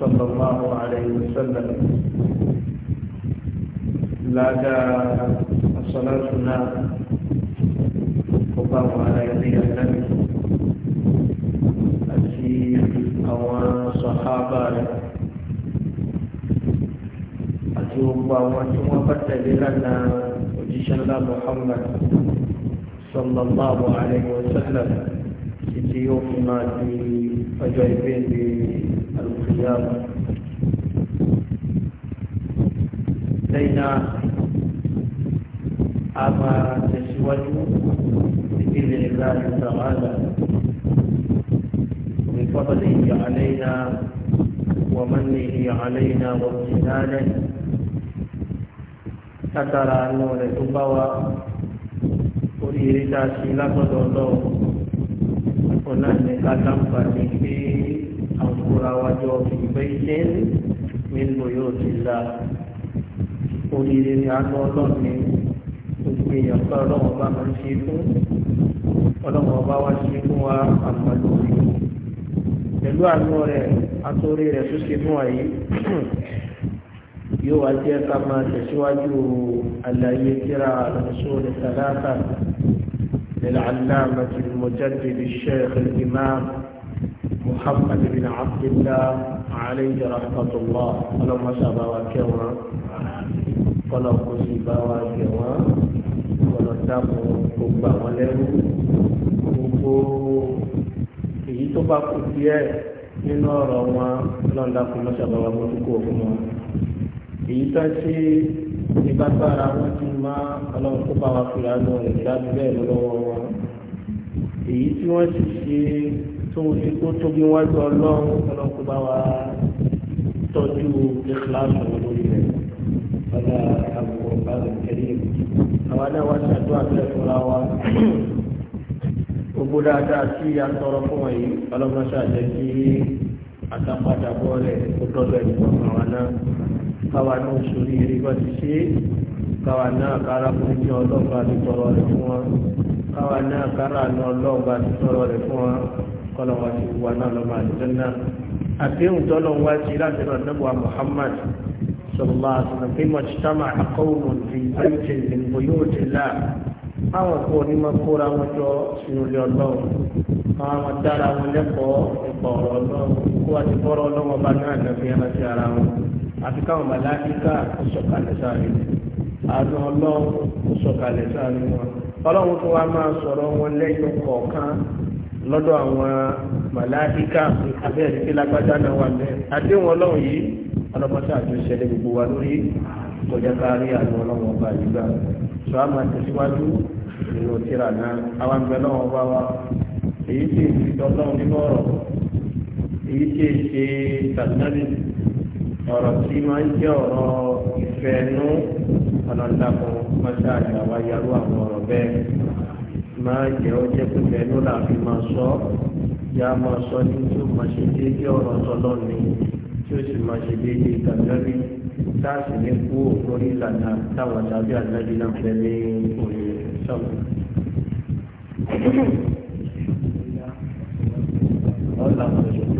صلى الله عليه وسلم لدى صلاتنا قبام على يدي النبي أسير أو صحابة أتوب وأنتم فتدلنا وجيش وجيشنا محمد صلى الله عليه وسلم سيدي يوم ما في أجايبين القيامة لينا أما تشوج بإذن الله تعالى من فضله علينا ومنه علينا وامتنانه تترى أنه لتبوى oríire tá a ṣe lágbọ́dọ̀ lọ ọ̀nà ìka láǹfààní pé àkóra wájọ ìgbẹ́ ilé nínú yóò ti la oríire ní àánú ọlọ́run ní gbogbo èèyàn pé ọlọ́run ọba máa ń ṣe fún ọlọ́run ọba wá ṣe fún wa àmàlò rí pẹ̀lú àánú rẹ̀ àtòrí rẹ̀ tó ṣe fún wa yìí yóò wá jẹ́ ká máa tẹ̀síwájú àlàyé kíra àlùsọ rẹ̀ sàdáàtà lẹ́la àlámà tìlùmọ̀jáde lè ṣe ìmáàmù. محمد بن عبد الله عليه رحمة الله اللهم صل وكما kọlọ kó sì bá wa jẹ wọn kọlọ dàpọ̀ gbogbo àwọn lẹ́rú gbogbo èyí tó bá kú díẹ̀ nínú ọ̀rọ̀ wọn lọ́ńdà kó mọ́ṣá bá wa mójú kó fún wọn èyí tó ṣe ìbágbára wọn ti má ọlọ́run kó bá wa fìlà lọ rẹ̀ dábì bẹ́ẹ̀ lọ́wọ́ wọn èyí tí wọ́n ti ṣe tó ń fi kó tóbi wá jọ lọ́rùn ọlọ́kùn bá wa tọ́jú ìkíláàsì wọn lórí rẹ̀ ọ̀dà àbùkù ọ̀gá rẹ̀ kẹ́lẹ́ àwọn náà wá ṣàdúrà tẹ́ fúnra wa gbogbo dáadáa tí a tọrọ fún wọn yìí ọlọ́mọ ṣàjẹ́ kí àtàpadà bọ́ rẹ̀ kó tọ́jú ẹ̀ nípa àwọn náà káwa náà sórí eré bá ti ṣe káwa náà kára fún ìjọ ọlọ́gbà ti tọrọ rẹ̀ fún wọn káwa náà kára àná ọlọ́gbà ti tọrọ rẹ̀ fún wọn kọ́lọ́wọ́ ti wà náà lọ́mọ àlùjànnà àdéhùn tọ́lọ́ wá sí láti ràn nábùwà Muhammad sallallahu alaihi wasallam pé mọ̀títàmà qawmun fi bẹ́ẹ̀tì min buyutillah àwọn kò ní máa kóra wọn jọ sínú ilé ọlọ́run àwọn dára wọn lẹ́kọ̀ọ́ nípa ọ̀rọ̀ ọlọ́run kó àti bọ́rọ̀ ọlọ́run ọba náà nàbí ẹran sí ọlọ́run tó wá máa sọ̀rọ̀ wọn lẹ́yìn kọ̀ọ̀kan lọ́dọ̀ àwọn màláíkà abẹ́rẹ́ tí lágbájá náà wà bẹ́ẹ̀ àdéhùn ọlọ́run yìí ọlọ́mọṣẹ́ àjọṣe lè gbogbo wa lórí kọjá kárí àwọn ọlọ́run ọba ìgbà sọ á máa tẹ̀síwájú nínú tíra náà àwọn àgbẹ̀ ọlọ́run ọba wa èyí tí èyí ti ọlọ́run nínú ọ̀rọ̀ èyí tí èyí ṣe tàbí ọ̀rọ̀ tí máa ń jẹ́ ọ̀rọ̀ ìfẹ́ nú ọ̀nà ìdàpọ̀ mọ́ṣáàjì àwáyé arú àwọn ọ̀rọ̀ bẹ́ẹ̀ máa jẹ́ ó jẹ́ pé bẹ́ẹ̀ ló là fi máa sọ yá máa sọ ní tí ó máa ṣe déédéé ọ̀rọ̀ tọ́lọ́ ni tí ó sì máa ṣe déédéé tàbí láti ní kú lórí ìlànà táwọn tàbí àgbẹ̀dì náà fẹ́ ní òye sọ́ọ̀bù. ọ̀là ọ̀ṣọ́jú.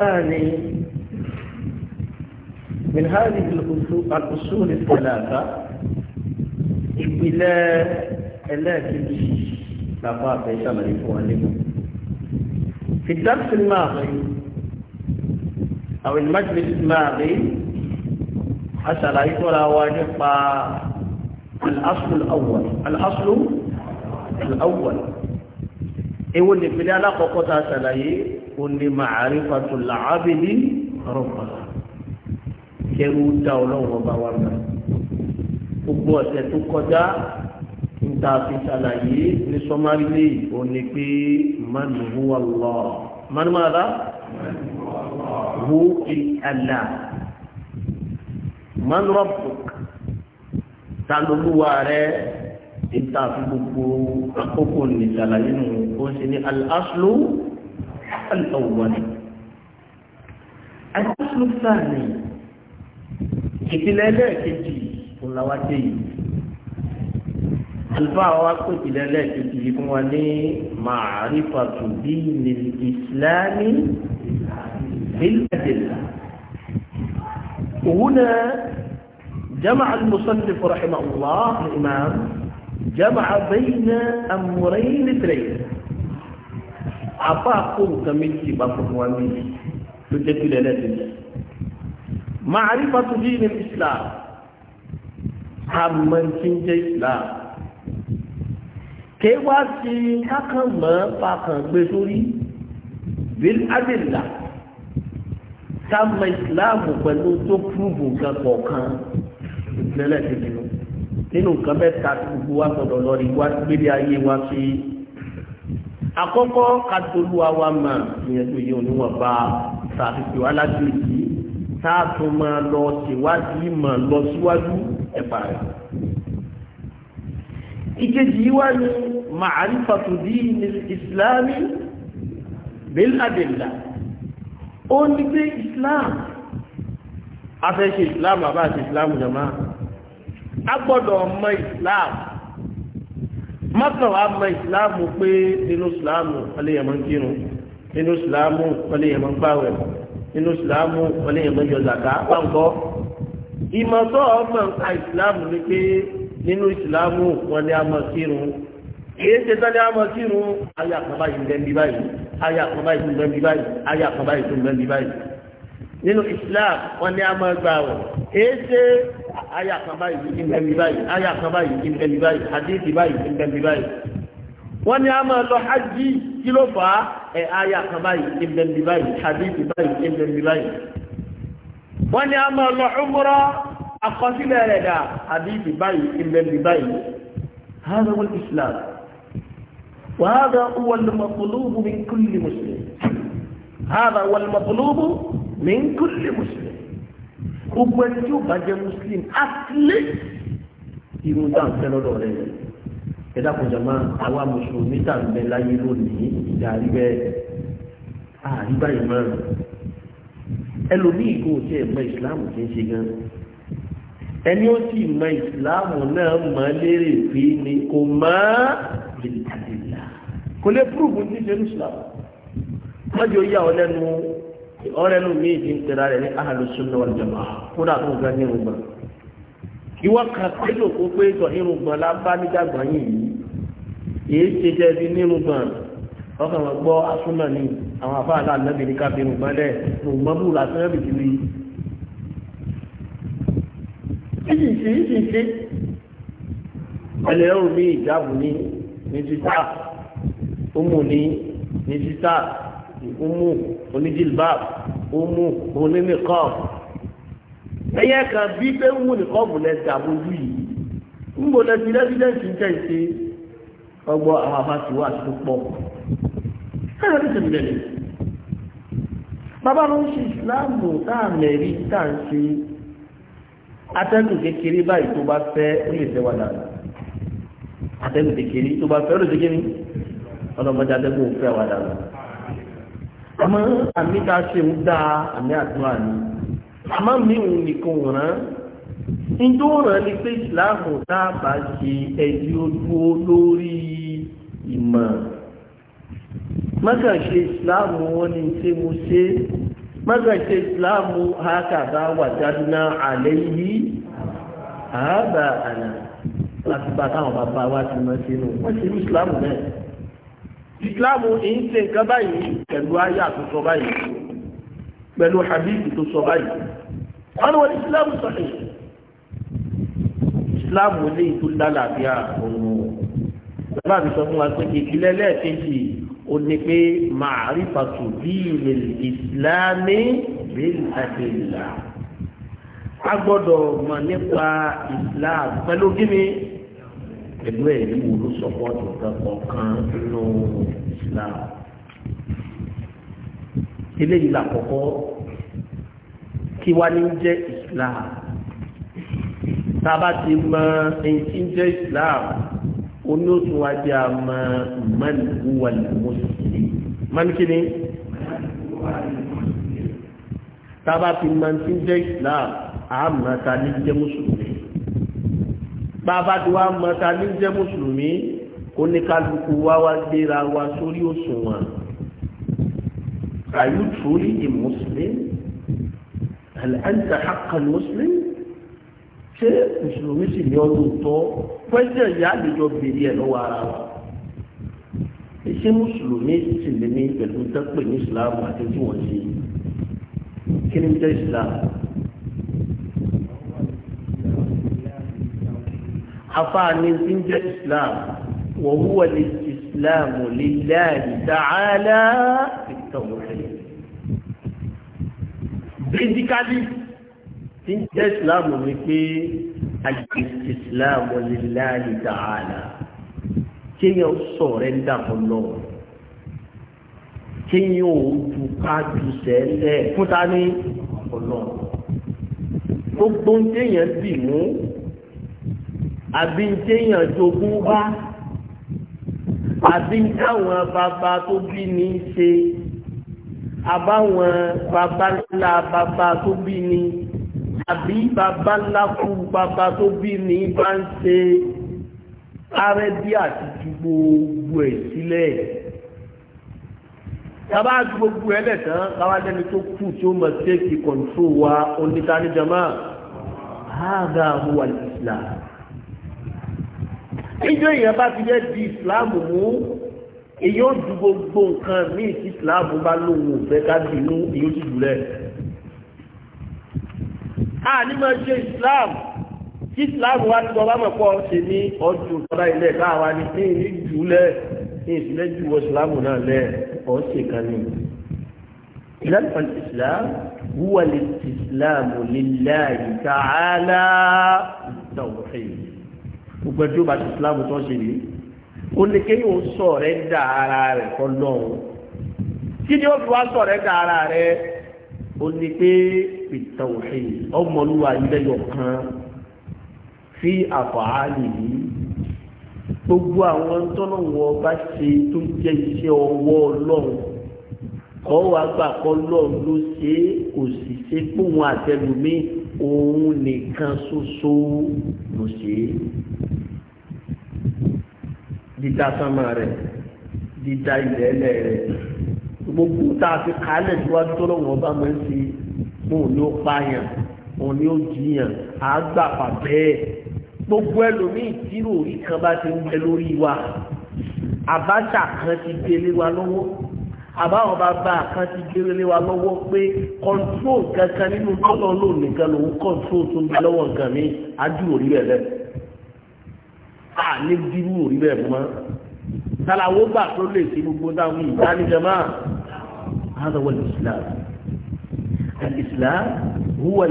الثاني من هذه الأصول الثلاثة إلى التي لقاك ثمن فؤلمه في الدرس الماضي أو المجلس الماضي حصل يقول واجب الأصل الأول الأصل الأول إيه اللي بدأ العلاقة قطع سلايه ó ní màárífàtò làábìlì rọ̀bà kẹrù dá ọlọ́run ọba wa náà gbogbo ọ̀sẹ̀ tó kọjá níta fi ṣàlàyé ní sọmárílẹ̀ ó ní pé mánu huwa Allah mánu máa dá hu Allah mánu rabbuk ta lóluwa rẹ fi gbogbo àkókò nìṣàlàyé nù ó sì ní al-aslu. الأول الأصل الثاني كتلالات الجي كل واتي الفا واكو كتلالات الجي كواني معرفة دين الإسلام بالأدلة هنا جمع المصنف رحمه الله الإمام جمع بين أمرين اثنين àbá kó nǹkan méjì bá fún wa ní ló jẹ́ kílẹ̀ lẹ́sìn yìí. ma'rifatu din al-islam àmọ̀tí jẹ́ islam kí wá sí kákànmọ́ pàkàn gbé sórí bil adilla ká mọ islam pẹ̀lú tó púrùbù nǹkan kọ̀ọ̀kan ìpínlẹ̀ kejì nínú nǹkan mẹ́ta gbogbo wa gbọ́dọ̀ lọ wá gbélé ayé wa sí àkọ́kọ́ katoluwa wa ma ìyẹn tó yẹ oníwọ̀n bá sàfihàn alágbèjì táàtò máa lọ síwájú máa lọ síwájú ẹ̀bà rẹ̀. ìkejì wá ní ma'arifatu din islami bil adilla ó ní pé islam afẹ́ ṣe islam àbá àti islam jama a gbọ́dọ̀ mọ islam mọ́tò wa mọ ìsìláàmù pé nínú ìsìláàmù wọlé yẹn máa ń kírun nínú ìsìláàmù wọlé yẹn máa ń gbàwẹ̀ nínú ìsìláàmù wọlé yẹn máa ń yọ zàká pàǹkọ́ ìmọ̀tọ́ ọmọ nǹkan ìsìláàmù ni pé nínú ìsìláàmù wọlé a máa kírun èyí ṣe tọ́lé a máa kírun ayé àkàbá yìí bẹ́ẹ̀ bí báyìí ayé àkàbá yìí bẹ́ẹ̀ bẹ́ẹ̀ bí báyìí àyà kan báyìí ìdẹ́mi báyìí àyà kan báyìí ìdẹ́mi báyìí àdéhìí báyìí ìdẹ́mi báyìí wọ́n ní a máa lọ hajj kí ló fà á ẹ̀ àyà kan báyìí ìdẹ́mi báyìí àdéhìí báyìí ìdẹ́mi báyìí wọ́n ní a máa lọ umrah àkọsílẹ̀ rẹ̀ dà àdéhìí báyìí ìdẹ́mi báyìí هذا هو الإسلام وهذا هو المطلوب من كل مسلم هذا هو المطلوب من كل مسلم gbogbo ẹni tí ó bá muslim at least irun tá à ń fẹ́ lọ́dọ̀ rẹ̀ ẹ dákun jama àwa mùsùlùmí tá à ń bẹ láyé lónìí ìjà rí bẹ́ẹ̀ àrí báyìí máa ẹlòmíì kò tí ẹ mọ ìsìláàmù tí ń ṣe gan ẹni ó sì mọ ìsìláàmù náà mọ lérè pé ni kò mọ bìlìkàdìlà kò lè púrùbù ní ìṣẹ́lú ìsìláàmù yà ọ lẹ́nu ọ̀rẹ́ nù mí ìdí ń pera rẹ̀ ní Ahlus Sunnah wal Jama'ah kódà tó ga ní irun gbọ̀n ìwọ kan pẹ̀lú òkú pé sọ irun gbọ̀n lábá nígbàgbọ́n yìí èyí ṣe jẹ́ bí nínú gbọ̀n ọkàn wọn gbọ́ asúnà ní ni afáàlà ànábì ní káfí irun gbọ̀n lẹ̀ ògbọ́n bù lásán ẹ̀bì ti rí ìṣìṣe ìṣìṣe ẹlẹ́rù mi ìjáàbù ní ní títà ó mú ní ní títà umu oníjìlbáàbù umu onínìkọ́ọ̀bù ẹ̀yẹ kan bí pé ń wù nìkọ́ọ̀bù lẹ dàbò ojú yìí ń bò lẹ fi lẹ́fídẹ́ǹsì ń tẹ̀ ṣe ọgbọ́n àwọn afásiwá tó pọ̀ ẹ̀rọ ní tẹ̀lé lẹ́yìn bàbá ló ń ṣe ìsìláàmù tá à mẹ́rí tá à ń ṣe atẹ́gùn kékeré báyìí tó bá fẹ́ ó lè fẹ́ wà dáadáa atẹ́gùn kékeré tó bá fẹ́ ó lè fẹ́ kí ni ọlọ́mọdé atẹ́gùn ò fẹ́ wà dáadáa àmọ́ àmì tá a ṣe ń dá àmì àdúrà ni àmọ́ mi ò nìkan wọ̀rán níjó ràn ní pé ìsìláàmù dábàá ṣe ẹni ojú lórí ìmọ̀ mọ́kà ṣe ìsìláàmù wọn ni ṣé mo ṣe mọ́kà ṣe ìsìláàmù hákàdá wàjádúná àlẹ́ yìí àábà àná láti bá táwọn bàbá wa ti mọ́ sínú wọ́n ṣe ìsìláàmù náà ìsìláàmù èyí ṣe nǹkan báyìí pẹ̀lú ayé àtúntò báyìí pẹ̀lú habibu tó sọ báyìí wọn ni wọn ìsìláàmù sọ̀rọ̀ ìsìláàmù ilé ìtú lálàáfíà òun bàbá mi sọ fún wa pé ìpìlẹ̀ lẹ́ẹ̀kejì ó ní pé màrífàtù bíi ìsìláàmì bíi àdìlà a gbọ́dọ̀ mọ̀ nípa ìsìláàmù pẹ̀lú kí pẹ̀lú ẹ̀rí wúlò sọ́pọ́ọ̀tì kankan nínú Islam eléyìí làkọ́kọ́ kí wá ní jẹ́ Islam tába ti mọ ẹ̀yìn jẹ́ Islam onótùwájú àmọ́ mọ́nìkúwàlì mùsùlùmí mọ́nìkíní tába ti mọ ẹ̀yìn jẹ́ Islam àmọ́ tani jẹ́ mùsùlùmí bàbá tí wàá mọ ta ní jẹ́ mùsùlùmí oníkálukú wa wá gbéra wa sórí òṣùwọ̀n are you truly a muslim hal anta haqqan muslim ṣé mùsùlùmí sì ní ọdún tọ́ pẹ́sẹ̀ ìyá àlejò bèrè ẹ̀ lọ́wọ́ ara wa ṣé mùsùlùmí sì lè ní pẹ̀lú tẹ́pẹ̀ ní ìsìlámù àti tí wọ́n ṣe kí ni jẹ́ ìsìlámù. afáàní tí ń jẹ́ islam wa huwa al-islam lillahi ta'ala at-tawhid basically tí ń jẹ́ islam ni pé al-islam lillahi ta'ala kéèyàn sọ̀rẹ́ ń dàpọ̀ lọ́wọ́ kéèyàn ò ju káàdù sẹ́lẹ̀ fúnta ní ọ̀nà gbogbo ń kéèyàn bì mú àbí téèyàn jogún bá àbí táwọn bàbá tó bí ní í ṣe àbáwọn bàbá ńlá bàbá tó bí ní àbí bàbá ńlá kú bàbá tó bí ní bá ń ṣe arẹ́bí àti ju gbogbo ẹ̀ sílẹ̀ tàbá gbogbo ẹ̀ lẹ́tàn káwá lẹ́ni tó kù tí ó mọ̀ sí èkì kọ̀ǹtró wa oníkanìjàmá hàdà huwa islam níjọ́ èèyàn bá ti jẹ́ di ìsìláàmù mú èyí ó ju gbogbo nǹkan míì tí ìsìláàmù bá lòun ò fẹ́ ká bínú èyí ó sì jùlẹ̀ a ní máa ṣe ìsìláàmù tí ìsìláàmù wá ní ọba mọ̀ pọ̀ ṣe ní ọdún ìtọ́lá ilẹ̀ káwa ní ní ìlú ní ìsìlẹ̀ ju wọ ìsìláàmù náà lẹ̀ ọ̀ ṣe kan ní. ìlànà ìsìláàmù wúwa lè ti ìsìláàmù lillahi ta'ala tawhid gbogbo ẹjọ́ bá ti islam tó ṣe rí ó ní kí yóò sọ rẹ dá ara rẹ kọ́ lọ́hùn kí ni ó fi wá sọ rẹ dá ara rẹ ó ní pé ìtàwọ̀hìn ọmọlúwa ilé yọkan fi àfààní yìí gbogbo àwọn tọ́lọ́wọ́ bá ṣe tó jẹ́ iṣẹ́ ọwọ́ ọlọ́run kọ́ wa gbà kọ́ lọ́run ló ṣe kò sì ṣe pòun àtẹlùmíì òun nìkan ṣoṣo ló ṣe é dídá sánmà rẹ̀ dídá ilẹ̀ ẹlẹ̀ rẹ̀ gbogbo tá a fi kálẹ̀ síwájú tó lọ́wọ́ bá máa ń ṣe òun ni ó pààyàn òun ni ó jiyàn á gbà pa bẹ́ẹ̀ gbogbo ẹlòmíì tírò orí kan bá ti ń bẹ lórí wa àbáṣà kan ti délé wa lọ́wọ́ àbáwọn bàbá kan ti gbére lé wa lọ́wọ́ pé control kankan nínú tọ́lọ́ lò nìkan lòun control tó ń bẹ lọ́wọ́ nǹkan mi ájú òrí rẹ̀ lẹ̀ à ní dírú òrí rẹ̀ mọ́ sálàwó gbà tó lè ṣe gbogbo dáhùn ìdánijẹmọ́ àádọ́wọ́ islam islam huwa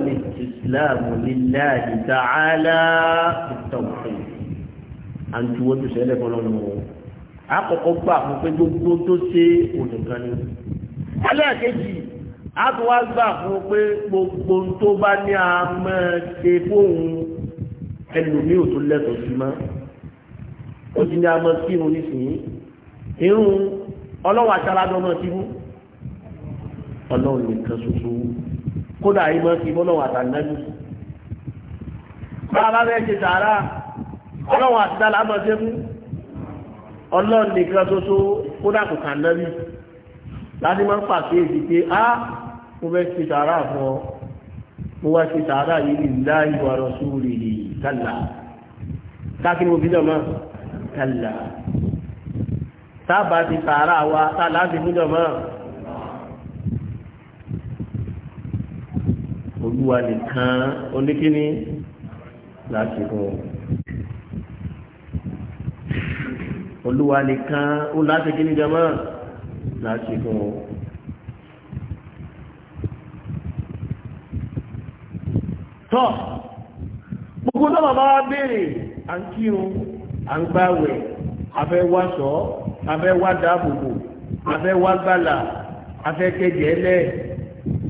islam lillahi ta'ala àǹtí wọ́n tó ṣẹlẹ̀ fọlọ́nù wọn àkọ́kọ́ gbà fún pé gbogbo tó ṣe ònìkan ni ẹlẹ́ẹ̀kejì àtúwá gbà fún pé gbogbo tó bá ní a máa ṣe fóun ẹlòmíì ò tó lẹ́tọ̀ọ́ sí mọ́ ó ti ní a máa kírun nísìnyí irun ọlọ́wọ́ àtàlágbọ́n máa ti mú ọlọ́run nìkan ṣoṣo kódà yìí máa ti bọ́lọ́wọ́ àtàlágbọ́n bá a bá fẹ́ ṣe sàárà ọlọ́wọ́ àtàlágbọ́n máa ṣe fún ọlọ́run nìkan tó tó kó dàkù kànáàbì láti máa ń pàkíyèsí pé á mo fẹ́ ṣe sàárà fún ọ mo wá ṣe sàárà yìí ní láì wà lọ sí òrè lè kàlà káàkiri mo fi dọ̀ mọ́ kàlà sábà ti sàárà wa tá láti fi dọ̀ mọ́ olúwa nìkan oníkíní láti fún ọ. olúwa nìkan ó láti kí ní jẹmọ́ láti fún un. tọ́ gbogbo náà bàbá wa béèrè à ń kírun à ń gbàwẹ̀ afẹ́ wá sọ afẹ́ wá dáàbòbò afẹ́ wá gbàlà afẹ́ kẹjẹ lẹ̀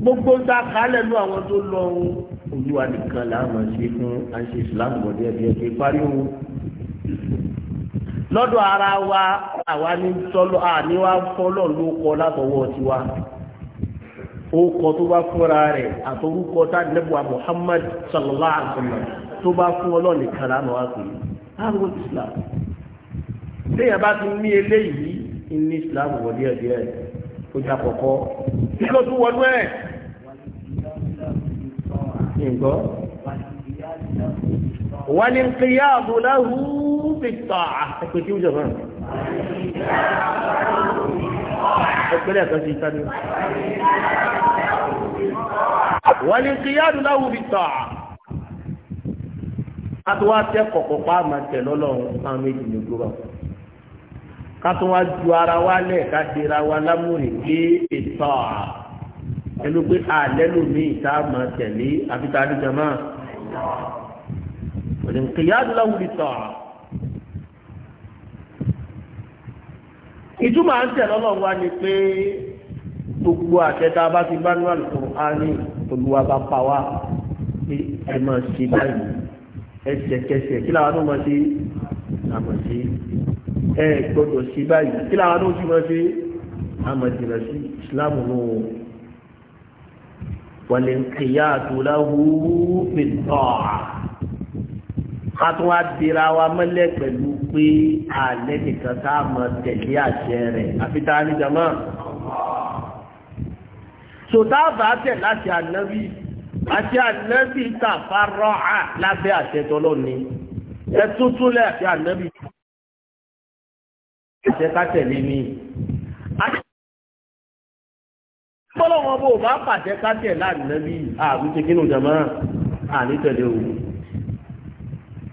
gbogbo ń ta kálẹ̀ lú àwọn tó lọ ohun olúwa nìkan làwọn ṣe fún àṣẹ ìsìlámù bọ̀dẹ̀ ẹ̀bí ẹ̀ parí ohun. lọ́dọ̀ ara wa àwa ní sọ́lọ́ àníwá fọ́lọ́ ló kọ látọwọ́ tiwa ó kọ tó bá fúnra rẹ̀ àtọrúkọ tánilẹ́bùwà mohamed sallallahu alaihi wasallam tó bá fún kan lánàá wá pè é ti ní eléyìí Islam wọ̀ díẹ̀ díẹ̀ ó kọ̀kọ́ والانقياد له بالطاعة اكتبتي وجبان والانقياد له بالطاعة kátó wá tẹ́kọ̀ọ́ kó pa àmà tẹ̀ lọ́lọ́run fáwọn méjì ní gbogbo kátó wá ju ara wa lẹ̀ ká di wa lámúrin dé ìtọ́ à ẹnu pé àlẹ́ lómi ìta àmà tẹ̀lé àfi tá a dìjọ máa. والانقياد له للطاعة ìtumọ̀ à ń tẹ̀lé ọlọ́run wa ni pé gbogbo àtẹ́ta bá ti bá nínú Al-Qur'ani olúwa bá pa wá ẹ máa ṣe báyìí ẹsẹ̀kẹsẹ̀ kí làwọn tó máa ṣe àmọ̀ sí ẹ gbọ́dọ̀ ṣe báyìí kí làwọn tó ti máa ṣe àmọ̀ jìnnà sí ìsìláàmù nù wal-inqiyadu lahu bit-ta'ah ká tún wá dira wa mọ́lẹ̀ pẹ̀lú pé alẹ́ nìkan tá a mọ̀ tẹ̀lé àṣẹ rẹ̀ àfi tá a ní jama. sòtá bá tẹ̀ láti ànábì àti ànábì tàfà rọ́ọ̀à lábẹ́ àṣẹ tọ́lọ́ ni ẹ tuntun lẹ́ àti ànábì àṣẹ ká tẹ̀lé ni gbọ́dọ̀ wọn bó bá pàṣẹ ká tẹ̀lé ànábì àbí ṣe jama àní tẹ̀lé òun.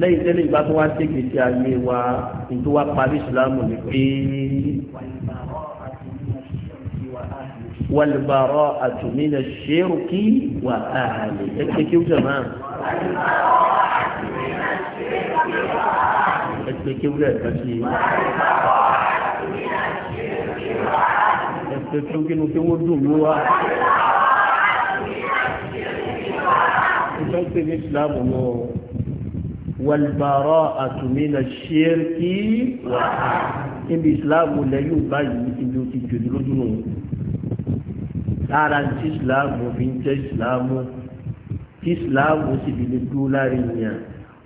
lẹ́yìn tẹ́lẹ̀ ìgbà tó wá sí ìgbésí ayé wa nítorí wá parí ìsìlámù ni pé wàlùbárọ̀ àtùmínà ṣérùkí wà áàlì ẹgbẹ́ kí ó jẹ máa. ẹgbẹ́ kí ó jẹ ẹ̀ka sí i. ẹgbẹ́ kí ó kínú kí wọ́n dùn mí wá. ìjọba ìsìlámù náà. والبراءة من الشرك níbi ìsìláàmù lẹ yóò báyìí ibi ti jòdì lójú nù lára tí ìsìláàmù fi ń jẹ́ ìsìláàmù tí ìsìláàmù sì fi lè dúró láàrin yàn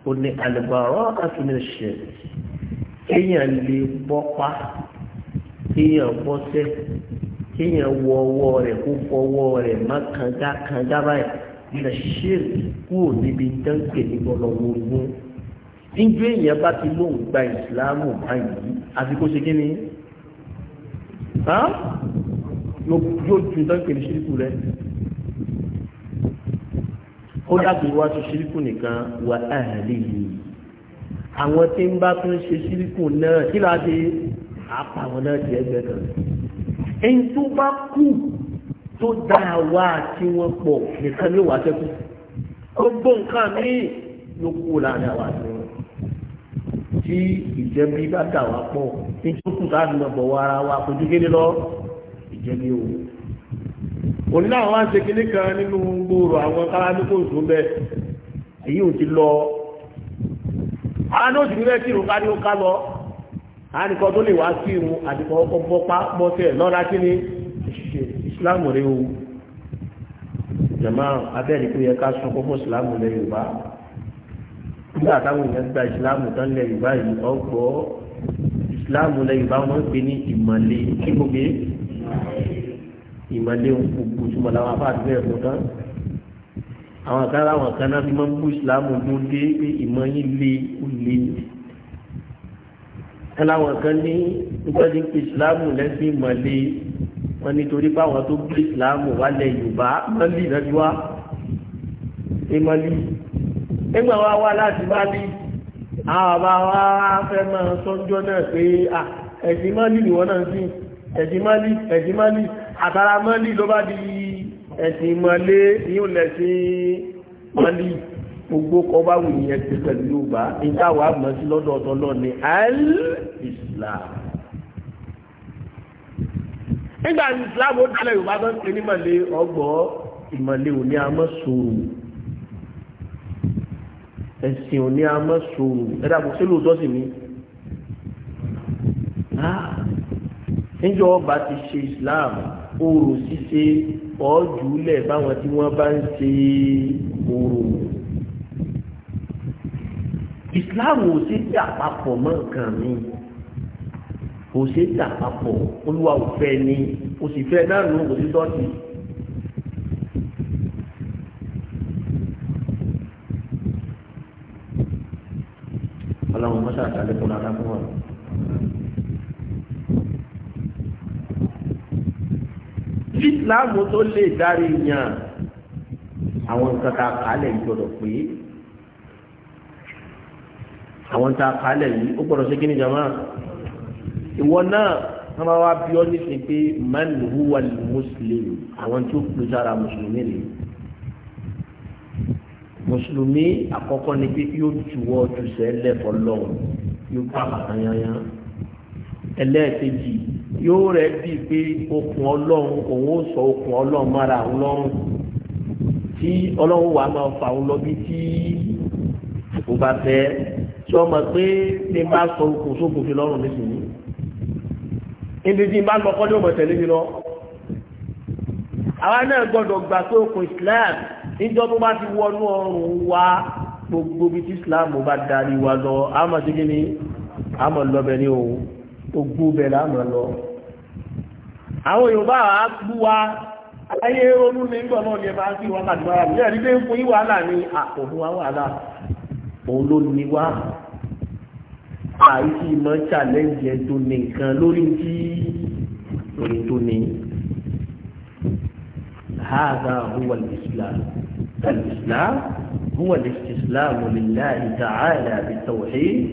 ó ní al-bara'atu min ash-shirk lè bọ́pá ilẹ̀ ṣéèrè kúrò níbi dáńkè ní bọ́lọ́wọ́ ogún níjú èèyàn bá ti lóun gba ìsìláàmù báyìí àti kó ṣe kí ni yóò ju dáńkè ní ṣíríkù rẹ ó dàbí wá sí ṣíríkù nìkan wà áhàlì yìí àwọn tí ń bá tún ṣe ṣíríkù náà kí láti àpàwọn náà ti ẹgbẹ́ kan ẹni tó bá kú tó dá wa tí wọ́n pọ̀ nìkan ló wà sẹ́kù gbogbo nǹkan míì ló kú láàrin àwa tí wọ́n tí ìjẹ́bí bá dà wá pọ̀ nítorí ká lọ bọ̀ wọ ara wa kojú kéde lọ ìjẹ́bí o òní náà wá kan nínú gbòòrò àwọn kárámí kò sùn bẹ́ẹ̀ èyí ò ti lọ àwọn ó sì fi bẹ́ẹ̀ kírun ká ní ó ká lọ àníkọ́ tó lè wá kírun àdìkọ́ ọkọ̀ bọ́pá bọ́sẹ̀ lọ́ra kíní ìṣiṣẹ́ Islam rẹ o jama abẹ́rẹ́ tó yẹ ká sọ kó fún ìsìláàmù lẹ yorùbá nígbà táwọn èèyàn gba ìsìláàmù tán lẹ yorùbá yìí ọgbọ́ ìsìláàmù lẹ yorùbá wọn ń pè ní ìmọ̀lẹ̀ kí gbogbo ìmọ̀lẹ̀ òkú túmọ̀ làwọn afáàdé bẹ́ẹ̀ mú tán àwọn kan láwọn kan náà fi máa ń bú Islam tó dé pé ìmọ̀ yín lé ó lé ẹ láwọn kan ní nígbà tí ìsìláàmù lẹ́sìn ìmọ̀lẹ̀ wọn nítorí pé àwọn tó gbé ìsìláàmù wálẹ̀ yorùbá mọ́lì náà ti wá ṣé mọ́lì nígbà wá wá láti bá bí àwọn bá wá fẹ́ máa sọ́jọ́ náà pé ẹ̀sìn mọ́lì ni wọ́n náà sìn ẹ̀sìn mọ́lì ẹ̀sìn mọ́lì àtàrà mọ́lì ló bá di ẹ̀sìn mọ́lé yóò lẹ̀sìn mọ́lì gbogbo kọba wù yẹn ti pẹ̀lú yorùbá ìtawà mọ̀ sí lọ́dọ̀ ọ̀tọ̀ náà ni al-Islam nígbà islam ó dálẹ̀ yorùbá tó ń pè ní ìmọ̀lẹ̀ ọgbọ́ ìmọ̀lẹ̀ òní amọ́sòrò ẹ̀sìn òní amọ́sòrò ẹ̀dá kò sí lóòótọ́ sí mi ah, níjọ́ ọba ti ṣe islam oòrùn ṣíṣe ọ̀ọ́dúnlẹ̀ báwọn tí wọ́n bá ń ṣe oòrùn islam ò sí dà papọ̀ mọ́ nǹkan mìíràn kò ṣe é tà papọ̀ olúwa ò fẹ́ ni o sì fẹ́ náà ló kò sí sọ́ọ̀tì. ọlọ́run mọ́ṣá àtàlẹ́ kọ́ ládàá fún wa. ìsìláàmù tó lè darí yàn àwọn nǹkan tá a kálẹ̀ gbọ́dọ̀ pé àwọn tá a kálẹ̀ yìí ó gbọ́dọ̀ ṣe kí ni jàmáà ìwọ náà wọ́n máa wá bí ọ́ nísìnyí pé man muslim àwọn tó kú sára mùsùlùmí rè mùsùlùmí àkọ́kọ́ ni pé yóò juwọ́ ju sẹ́lẹ̀ fọlọ́run yóò gbà bàtà yányán ẹlẹ́ẹ̀kejì yóò rẹ̀ bíi pé okùn ọlọ́run òun ó sọ okùn ọlọ́run mára òun lọ́rùn tí ọlọ́run wàá máa fà òun lọ bí tí kò bá fẹ́ tí ọmọ pé ní bá sọ okùn sókùn fi lọ́rùn nísìnyí ibi tí bá gbọ́kọ́ ní òmọ̀ tẹ̀lé mi lọ àwa náà gbọ́dọ̀ gbà pé okùn Islam níjọ́ tó bá ti wọnú ọrùn wa gbogbo bí tí Islam bá darí wa lọ àmọ́ sí kí ni àmọ́ lọ́bẹ̀ ní òun ogbó bẹ̀ láàmọ́ lọ àwọn Yorùbá àá gbú wa ayé ronú ní gbọ́ náà ní ẹ bá sí wákàtí wàhálà ní ẹ̀rí pé ń fún yí wàhálà ní àpò fún wa wàhálà òun ló ní wá àìsí ìmọ̀ challenge ẹ̀ tó ní nǹkan lórí tí lórí tó ní. هذا هو الإسلام الإسلام هو الاستسلام لله تعالى بالتوحيد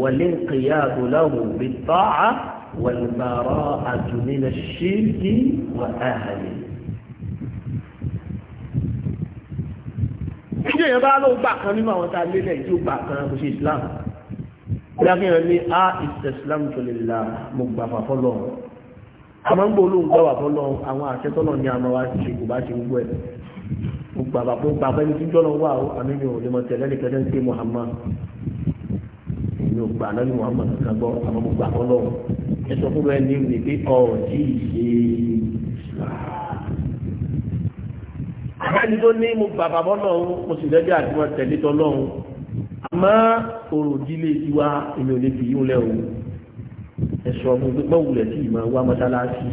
والانقياد له بالطاعة والبراءة من الشرك وأهله Ìjẹ́ ìyẹn bá ló gbà kan nínú àwọn tá a lélẹ̀ tí ó gbà kan kò ṣe Ìsìláàmù. lákìyàn ní a ah, ìsẹ̀sìlámù tó lè la mo gbà fà fọ́lọ́ àmọ́ ń gbọ́ olóhùn gbà wà fọ́lọ́ àwọn àṣẹ tọ́lọ̀ ní àmọ́ wa ṣe kò bá ṣe gbogbo ẹ̀ mo gbà bà fún gbà fẹ́ni tí jọ́lọ́ wà ó àmì mi ò lè mọ tẹ̀lé ní kẹ́tẹ́ ń pè Muhammad èmi ò gbà lọ́nà Muhammad kankan gbọ́ àmọ́ mo gbà fọ́lọ́ ẹ sọ fún mi ní mi pé ọ̀ tí ì ṣe àbẹ́ni tó ní mo gbà bà fọ́lọ́ mo sì lẹ́jọ́ àti àmọ́ ọ̀rọ̀ ìdílé tiwa èmi ò lè fi yín lẹ́ o ẹ̀sọ́ ọmọ ìgbẹ́ wulẹ̀ tí ìmọ̀ wá mọ́sálásí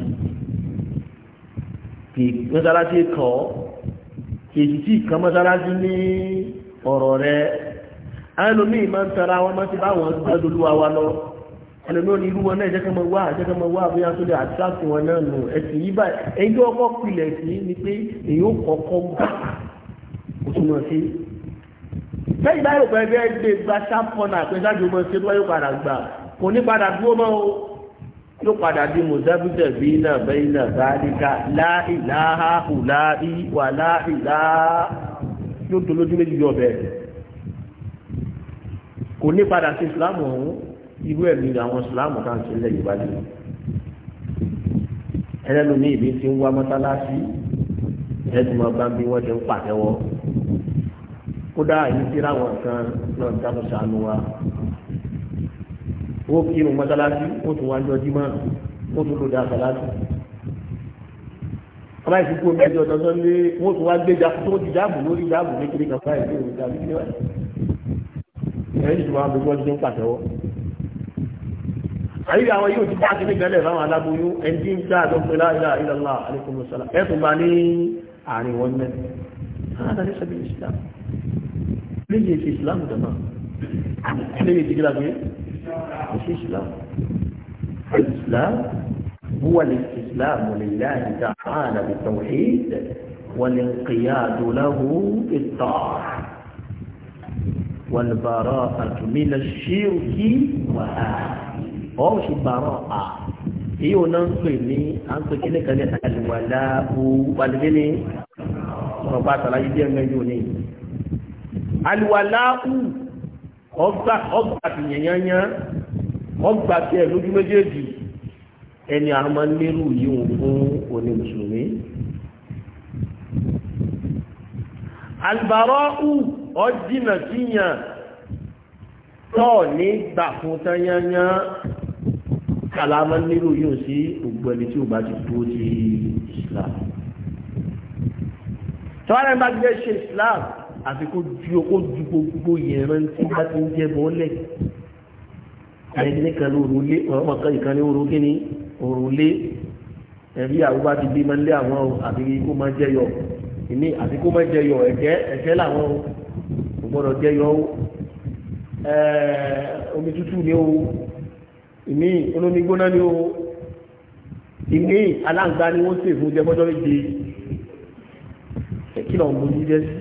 mọ́sálásí kọ́ èyí tí kan mọ́sálásí ní ọ̀rọ̀ rẹ ẹlòmíì máa ń tara wọn máa ti bá wọn gbẹ́dọ̀lúwa wa lọ ẹlòmíì ní irú wọn náà ìjẹ́kẹ́ mọ wá ìjẹ́kẹ́ mọ wá bóyá tó lè àtúrákù wọn náà nù ẹ̀sìn yìí báyìí ẹ̀yìn tó kọ́ pilẹ̀ sí ni pé èyí ó kọ́kọ́ gbà ó túmọ̀ sí lẹ́yìn báyìí òpin ẹgbẹ́ gbé gba sápọnà àpẹjáde ọmọ ṣe lọ́yọ́ padà gbà kò ní padà dúró mọ́ o yóò padà di mùsàbùsà bí náà bẹ́yìn náà báyìíká láìláha ùláì wà láìlá yóò tó lójú méjì yọ bẹ́ẹ̀ kò ní padà sí ìsìlámù ọ̀hún irú ẹ̀mí àwọn ìsìlámù kan ṣe lẹ́yìn báyìí ẹlẹ́nu ní ìbí ti ń wá mọ́sálásí ẹ̀ẹ́dùnmọ́ bá ń bí wọ́n ti ń pàtẹ́wọ́ kódà yìí ti ráwọn kan náà dábò sànù wa ó kírun mọ́sálásí ó tún wá ń jọjú mọ́ ó tún lò dá sàlásì ọba ìsìnkú omi ẹjọ dandan lé wọn tún wá gbé tó ti dáàbò lórí dáàbò kékeré kan báyìí lórí dáàbò kékeré báyìí ẹ̀yìn tó máa ń gbogbo ọdún pàtẹ́wọ́ àyè àwọn yóò ti bá kíní gẹ́lẹ̀ fáwọn aláboyún ẹni tí ń gbá àdọ́gbé láìlá ìlàlá àlékún mọ́sálà ẹ̀tùn bá ní àárín wọn mẹ́rin léyìí ṣe ìsìláàmù jẹ́ náà léyìí ti gíra pé kò ṣe ìsìláàmù ìsìláàmù huwa lè ṣe ìsìláàmù lè yá ìjà ààrẹ àti tawhid والانقياد له بالطاعة والبراءة من الشرك وآه براءة iyo nan pe ni an pe kini kan ni alwala u balgini ọ̀rọ̀ ba tala yi díẹ̀ mẹ́jọ ni àlùwàláàkù ọgbà ọgbà ti yẹnyanya ọgbà ti ẹ̀ lójú méjèèjì ẹni àmọ́ nírú yìí fún òní mùsùlùmí àlùbàrọ́ù ọjìnà síyàn tọ́ ní gbà fún tányányá kàlámọ́ nírú yìí sí gbogbo ẹni tí ò bá ti dúró ti Islam tọ́wọ́n náà bá gbé ṣe Islam àfi kó ju okó ju gbogbo yẹ̀rán tí bá ti ń jẹ́ bọ́ọ̀lẹ̀ ẹni kan ní òrùlé ọmọ kan ìkan ní òrùlé ní òrùlé ẹ̀rí àwọn bá ti bí máa ń lé àwọn àfi kó máa jẹyọ ìní àfi kó máa jẹyọ ẹ̀jẹ̀ ẹ̀jẹ̀ làwọn ò gbọ́dọ̀ jẹyọ ó omi tútù ni ó ìní olómi gbóná ni ó ìní aláǹgbá ni wọ́n sè fún jẹ́ fọ́jọ́ méje kí lọ́n bójú jẹ́ sí.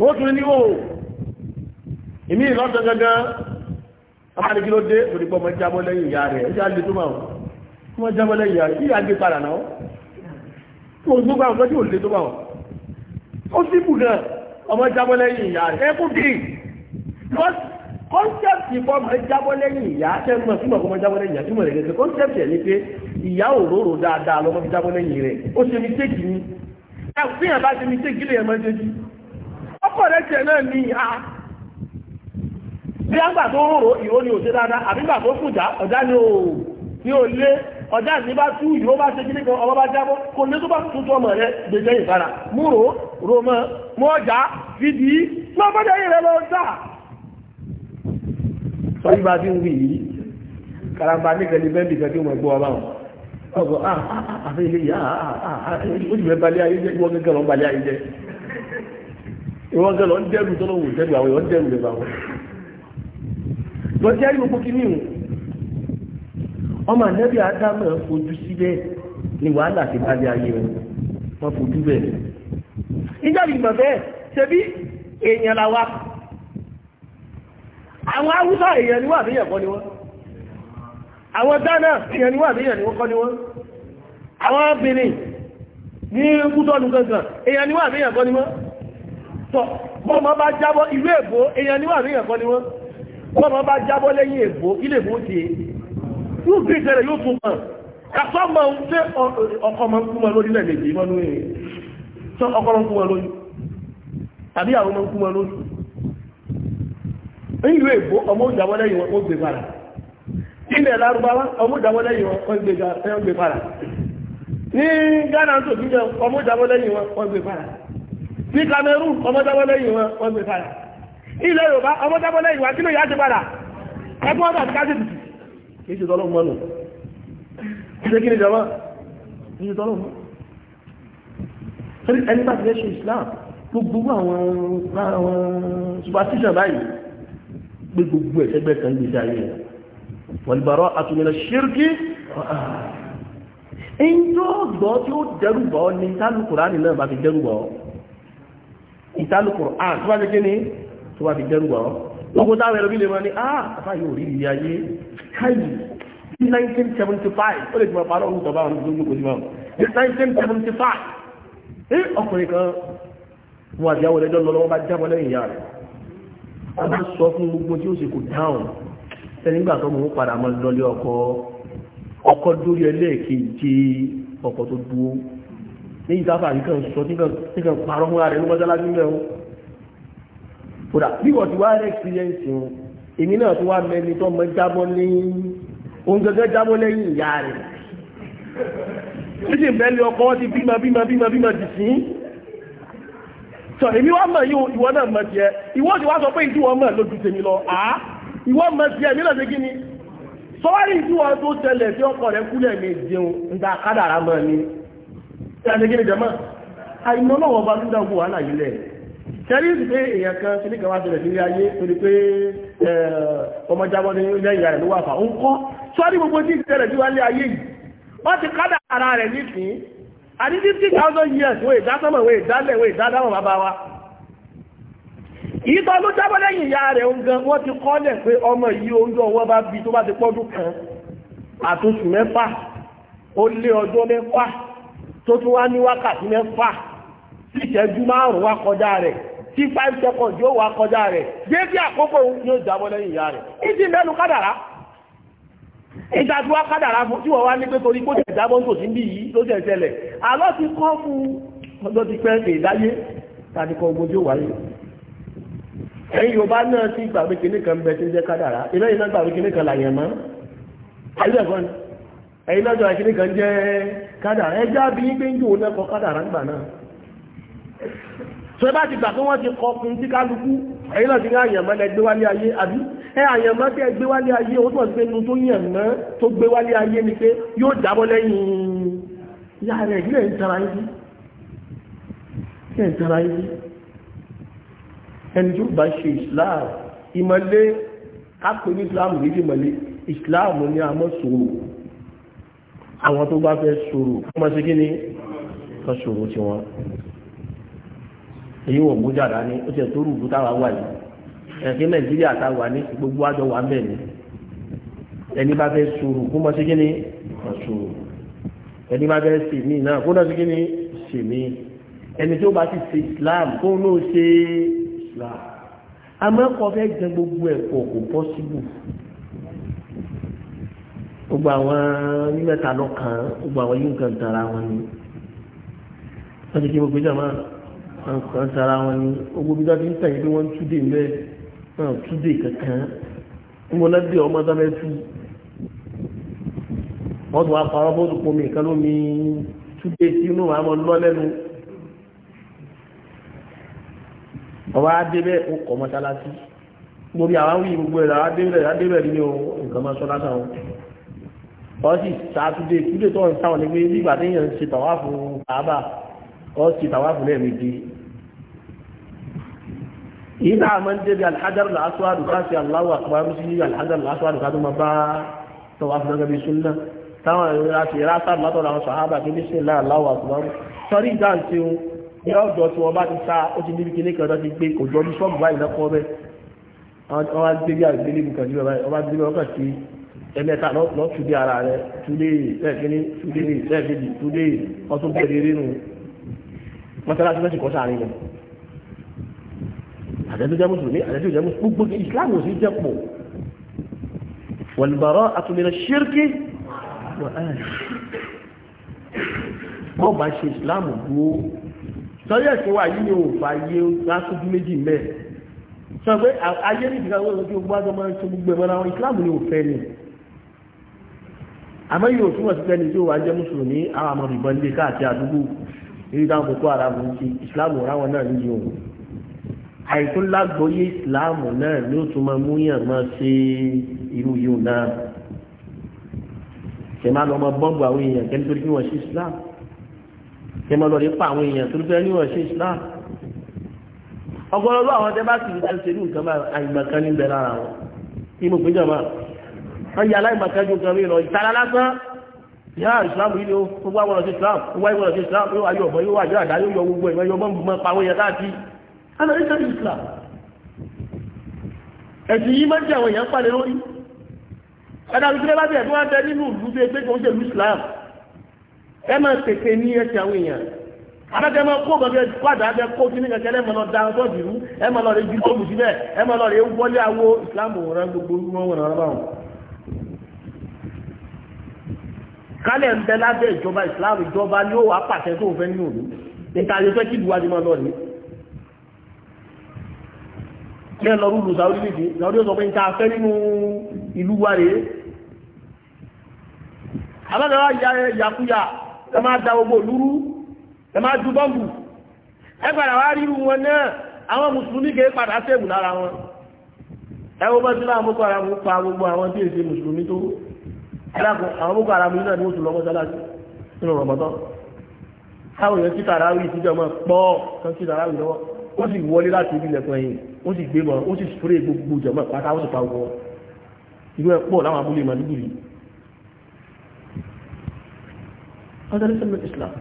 ó tún ní òò ìmí ìlọ́sọ gangan abáni kí ló dé òdìpọ̀ ọmọ jábọ́ lẹ́yìn ìyá rẹ̀ ó ṣe àlè tó máa wọ́n jábọ́ lẹ́yìn ìyá rẹ̀ kí àgbé padà náà kí òun gbogbo àwọn tó ò lè tó bá wọn ó sì bù náà ọmọ jábọ́ lẹ́yìn ìyá rẹ̀ ẹkú dì kọ́nsẹ́pì ìfọ́ ọmọ jábọ́ lẹ́yìn ìyá tẹ́gbọ́n fún ọmọ jábọ́ lẹ́yìn ìyá tí mo rẹ̀ gẹ́gẹ́ kọ́nsẹ́pì ẹ̀ ní pé ìyá òróró dáadáa lọ́mọ fi jábọ́ lẹ́yìn rẹ̀ ó ṣe mi tẹ́kì ni ẹ̀ fíyàn bá ṣe mi tẹ́kì lè yẹn máa ṣe jù kọ̀rẹ́ jẹ náà ní ìhà bí àgbà tó rò ìró ni ò ṣe dáadáa àbígbà tó kùjà ọ̀dá ni ò ní ò lé ọ̀dá ní bá tú ìró bá ṣe kíníkan ọmọ bá jábọ́ kò ní tó bá tuntun ọmọ rẹ gbẹgbẹ ìbára múrò romọ mọ́jà fìdí lọ́bọ́dẹ̀ yìí rẹ lọ sáà sọ yìí bá ti ń wí yìí karamba ní kẹlẹ bẹ́ẹ̀ nìkan tí mo gbọ́ ah ah ah ah, ah ah ah ah ó ti fẹ́ balẹ̀ ayé jẹ́ ìwọ gẹ́gẹ́ ìwọ́n gẹ́lọ ń dẹ́rù tó lóun dẹ́rù àwọn ìwọ́n dẹ́rù lè bá wọn. lọ́jọ́ ìlú kókí ní ìhùn ọmọ ànẹ́bí ádámù ẹ̀ fojú síbẹ̀ ni wàhálà ti bá ayé rẹ̀ wọ́n fojú bẹ́ẹ̀. nígbà ìgbà bẹ́ẹ̀ ṣebí èèyàn la wa àwọn haúsá èèyàn ni wà àbíyàn kọ́ ni wọ́n àwọn dáná èèyàn ni wà àbíyàn ni wọ́n kọ́ ni wọ́n àwọn obìnrin ní kútọ́ọ̀nù gangan èèyàn ni wà àbíyàn kọ́ ni tọ́ bọ́mọ bá jábọ́ ìlú èbó èèyàn níwà ní ẹ̀kọ́ ni wọ́n bọ́mọ bá jábọ́ lẹ́yìn èbó ilé èbó ti yóò bí ìṣẹ̀lẹ̀ yóò mọ̀ kàtọ́ mọ̀ ń fẹ́ ọkọ̀ mọ̀ ń kú mọ̀ lórí lẹ́gbẹ̀ẹ́ mọ́nú èèyàn tọ́ ọkọ̀ mọ̀ ń kú mọ̀ lórí tàbí àwọn mọ̀ ń kú mọ̀ lórí ìlú ọmọ lẹ́yìn wọn ó gbé ilẹ̀ ọmọ lẹ́yìn wọn ó gbé ní ní Cameroon ọmọdábọ́ lẹ́yìn wọn wọ́n gbé fáyà ilẹ̀ Yorùbá ọmọdábọ́ lẹ́yìn wa kí ló yá ti padà ẹgbẹ́ ọ̀dà ti káṣí tìtì kì í ṣe tọ́lọ́ mọ́nù ṣe kí ni jọmọ́ kì í ṣe tọ́lọ́ mọ́ ẹni bá ti fẹ́ ṣe Islam gbogbo àwọn superstition báyìí pé gbogbo ẹ̀sẹ̀gbẹ́ kan gbé sí ayé rẹ̀ wọ̀lùbàrọ̀ àtùmìnà ṣírkì ẹ̀yìn tó gbọ́ tí ó dẹ́rù bọ́ ní tálùkùránì náà bá fi dẹ́rù bọ́ ìtàlùkùrù àn tó bá jẹ́ kí ni tó bá fi dẹ́rù wà ọ́ gbogbo táwọn ẹ̀rọ bí lè máa ní ah àfá yóò rí ìrìn ayé káyì ní 1975 ó lè jùmọ̀ parọ́ òun tọ́ba àwọn olùdókòwò sí máa ní 1975 ní ọkùnrin kan wọn àti àwọn ẹlẹ́jọ́ lọ́wọ́ bá jábọ́ lẹ́yìn ìyá rẹ̀ a bá sọ fún gbogbo tí ó sì kò dáhùn ẹni gbà tó mọ̀ ó padà ní ìsáfà ní kan sọ tí kan parọ́ múra rẹ̀ ní mọ́sálásí mẹ́rin kódà bí wọ́n ti wá experience wọn èmi náà tó wá mẹ́ni tó mọ jábọ́ lẹ́yìn òun gẹ́gẹ́ jábọ́ lẹ́yìn ìyá rẹ̀ títí ìbẹ́lẹ̀ ọkọ̀ wọ́n ti bímọ bímọ bímọ bímọ jì sí sọ èmi wá mọ̀ yóò ìwọ náà mọ̀ tiẹ̀ ìwọ ti wá sọ pé ìdí mọ̀ lójú tèmi lọ à ìwọ mọ̀ tiẹ̀ èmi náà ṣe ni sọwárí ìdí wọn tó ṣẹlẹ̀ tí ọkọ̀ rẹ̀ kúlẹ̀ mi jẹun ń ta kádàrá mọ̀ ni tí a lè gẹ́rẹ̀ jẹmọ́ àìmọ́ náà wọ́n bá ń dá ogun wàhálà lẹ̀ tẹ́rí sí pé èèyàn kan sí ní kan wá bẹ̀rẹ̀ nílé ayé torí pé ọmọ jábọ́ ní ilé ìyá rẹ̀ ló wà fà ń kọ́ sọ́rí gbogbo tí ìṣẹ̀lẹ̀ tí wá ayé yìí wọ́n ti kádà ara rẹ̀ nísìn àti fifty thousand years wọ́n ìdásọ́mọ̀ wọ́n ìdálẹ̀ wọ́n ìdádámọ̀ bàbá wa ìtọ́ ló jábọ́ lẹ́yìn ìyá rẹ̀ gan wọ́n ti kọ́lẹ̀ pé ọmọ yìí oúnjẹ ọwọ́ bá bí tó bá ti pọ́dún kan àtúnṣù mẹ́fà ó lé ọjọ́ mẹ́fà tó tún wá ní wákàtí mẹ́fà tí ìṣẹ́jú márùn-ún wá kọjá rẹ̀ tí five seconds yóò wá kọjá rẹ̀ déédé àkókò yóò jábọ́ lẹ́yìn ìyá rẹ̀ ìdí mẹ́nu kádàrá ìgbà tí wá kádàrá fún tí wọ́n wá ní pé torí kó tẹ̀ jábọ́ nítòsí bí yìí ló tẹ̀ ṣẹlẹ̀ àlọ́ ti kọ́ fún ọjọ́ ti pẹ́ ìdáyé tàbí kan ogun tí ó wáyé ẹ̀yìn yorùbá náà ti gbàgbé kinní kan bẹ tí ń jẹ́ kádàrá ilé iná gbàgbé kinní kan làyẹ̀mọ́ ayélujára ẹ̀yìn lọ́jọ́ àṣírí kan jẹ́ kádàrá ẹjá bí i pé ń jò lẹ́kọ̀ọ́ kádàrá nígbà náà ṣe bá ti gbà tó wọ́n ti kọ fún tí kálukú ẹ̀yìn náà ti ní àyànmọ́ lẹ gbé wálé ayé àbí ẹ àyànmọ́ tẹ gbé wálé ayé ó tọ̀ pé nu tó yànmọ́ tó gbé wálé ayé ni pé yóò jábọ́ lẹ́yìn ìyá rẹ̀ ìdílé ń tara yín ń tara yín ẹni tó bá ṣe Islam ìmọ̀lé kápẹ́ ní Islam méjì mọ̀lé Islam ni a mọ̀ sòrò àwọn tó bá fẹ́ ṣòro wọ́n máa ṣe kí ni kan ṣòro tí wọ́n èyí wọ̀ mú jàdá ní ó ti ẹ̀ tó rúbú táwa wà yìí ẹ̀kí nàìjíríà táwa ní gbogbo àjọ wà mẹ́ ni ẹni bá fẹ́ ṣòro kó máa ṣe kí ni kan ṣòro ẹni bá fẹ́ ṣe mí náà kó náà ṣe kí ni ṣe mí ẹni tó bá ti ṣe Islam kó náà ṣe Islam àmọ́ ẹ̀kọ́ fẹ́ jẹ gbogbo ẹ̀kọ́ kò pọ́sibù gbogbo àwọn mímẹ́ta lọ́kàn gbogbo àwọn yìí nǹkan tara wọn ni wọ́n ti kí gbogbo ìjọba nǹkan tara wọn ni gbogbo bí dájú ń tẹ̀yìn bí wọ́n ń túdè ńlẹ̀ náà túdè kankan níbo náà dé ọmọ tó fẹ́ tú wọ́n tún wá parọ́ bó tún pomi nǹkan lómi túdè tí inú wa mọ̀ lọ́ lẹ́nu ọba adébẹ́ ó kọ́ mọ́sálásí àwọn wíì gbogbo ẹ̀ adébẹ́ adébẹ́ ni ó nǹkan máa sọ lásán o wọ́n sì sátúdé kúlé tó ń sáwọn nígbé nígbà tí èèyàn ń ṣe tàwá fún bàbá wọ́n ṣe tàwá fún lẹ́ẹ̀mejì yìí náà máa ń débi alhajar lásùwádùú káṣí aláwọ̀ àkùbárú sí alhajar lásùwádùú ká tó máa bá tàwá fún gẹ́gẹ́ bí súnná táwọn ẹ̀rọ láti rásà látọ̀ làwọn sàhábà kí ní ṣe láà aláwọ̀ àkùbárú sọrí ìjà ń ṣeun ní ọ̀dọ̀ tí wọ́n bá ti sá ó ti ẹ̀mẹ́ta lọ ṣùdí ara rẹ̀ ṣùdí lẹ́ẹ̀kíní ṣùdí lẹ́ẹ̀kejì ṣùdí ọtún bẹ̀rẹ̀ rínú mọ́sálásí mẹ́sì kọ́ sáàrin rẹ̀ àtẹ́tù jẹ́ mùsùlùmí àtẹ́tù jẹ́ mùsùlùmí gbogbo ìsìláàmù sí jẹ́ pọ̀ wọ̀lùbọ̀rọ̀ àtúnmìnà ṣírkì wọ́n bá ṣe ìsìláàmù dúró sọ́yẹ̀ sí wa yìí ni ò fà yé lásìkò méjì mẹ́ẹ̀ sọ pé ayé nìkan wọ́n lọ sí gbogbo àjọmọ́ ìṣẹ́ gbogbo ẹ̀mọ́ra wọn ìsìláàmù ni ò fẹ́ ni àmọ́ yóò túnmọ̀ sí pẹ́ni tí ó wà jẹ́ mùsùlùmí àwọn àmọ́ ìbọn lé káàkiri àdúgbò ní ìdáhùn kòkó ara wọn ti ìsìláàmù ráwọn náà níyì òun àìtún lágbóyé ìsìláàmù náà ló tún máa mú yàn máa ṣe irú yìí náà ṣe máa lọ mọ bọ́ǹbù àwọn èèyàn kẹ́ni tó ní wọ́n ṣe islam ṣe máa lọ rí pa àwọn èèyàn tó ní wọ́n ṣe islam ọgọ́rọ́lọ́ àwọn tẹ́ bá sì ń ṣe irú nǹkan bá àyùmọ̀ kan níbẹ̀ lára wọn kí mo pè jọba wọ́n yí aláìmọ̀kẹ́jú kan rí lọ ìtara lásán yá ìsìlámù yìí ó gbogbo àwọn ọ̀sẹ̀ ìsìlámù ó wáyé wọ́n ọ̀sẹ̀ ìsìlámù yóò ayé ọ̀bọ̀ yóò wáyé àdá yóò yọ gbogbo ìwọ̀n yóò mọ̀ pàwọ́ yẹ káàkiri ẹ̀sìn yìí máa ń jẹ́ àwọn èèyàn pàdé lórí ẹgbẹ́ Islam ẹ máa tètè ní ẹ̀sìn àwọn èèyàn abẹ́kẹ́ máa kó gbọ́dọ̀ pàdé abẹ́ kó sí ní kẹ̀kẹ́ lẹ́mọ̀ lọ da ọjọ́ ìlú ẹ máa lọ rẹ ju tó mù síbẹ̀ ẹ máa lọ rẹ wọlé àwo Islam òwòrán gbogbo wọn wọn rárá kálẹ̀ ń bẹ lábẹ́ ìjọba ìsìláàmù ìjọba ni ó wà pàṣẹ tó fẹ́ ní òní níta ayé fẹ́ kí ìlú wájú máa lọ ní. ilé lọ rúlu sàwọ́dí nìdí sàwọ́dí ó sọ pé níta fẹ́ nínú ìlú wa rèé. àbádọ́ ya yakuya ẹ máa da gbogbo lúrú ẹ máa ju bọ́ǹbù ẹ padà wá rí wọn náà àwọn mùsùlùmí kì í padà sẹ́gun lára wọn ẹ wo bá sílá àmúkọ ara mú pa gbogbo àwọn tí èsì ẹlẹ́kùn àwọn boko haram nígbà ni wọ́n tún lọ mọ́sálásí nínú rọ̀mọ́tọ́ táwọn èèyàn títà ráwì ìtìjọ mọ́ pọ́ kan títà ráwì lọ́wọ́ ó sì wọlé láti ibi ilẹ̀kùn ẹ̀yìn ó sì gbé mọ́ ó sì spray gbogbo jọ̀mọ́ pátá ó sì pa ọgbọ́n ìlú ẹ̀ pọ̀ láwọn abúlé màdúgbùrì ọjọ́ ìsẹ́lẹ̀ Islam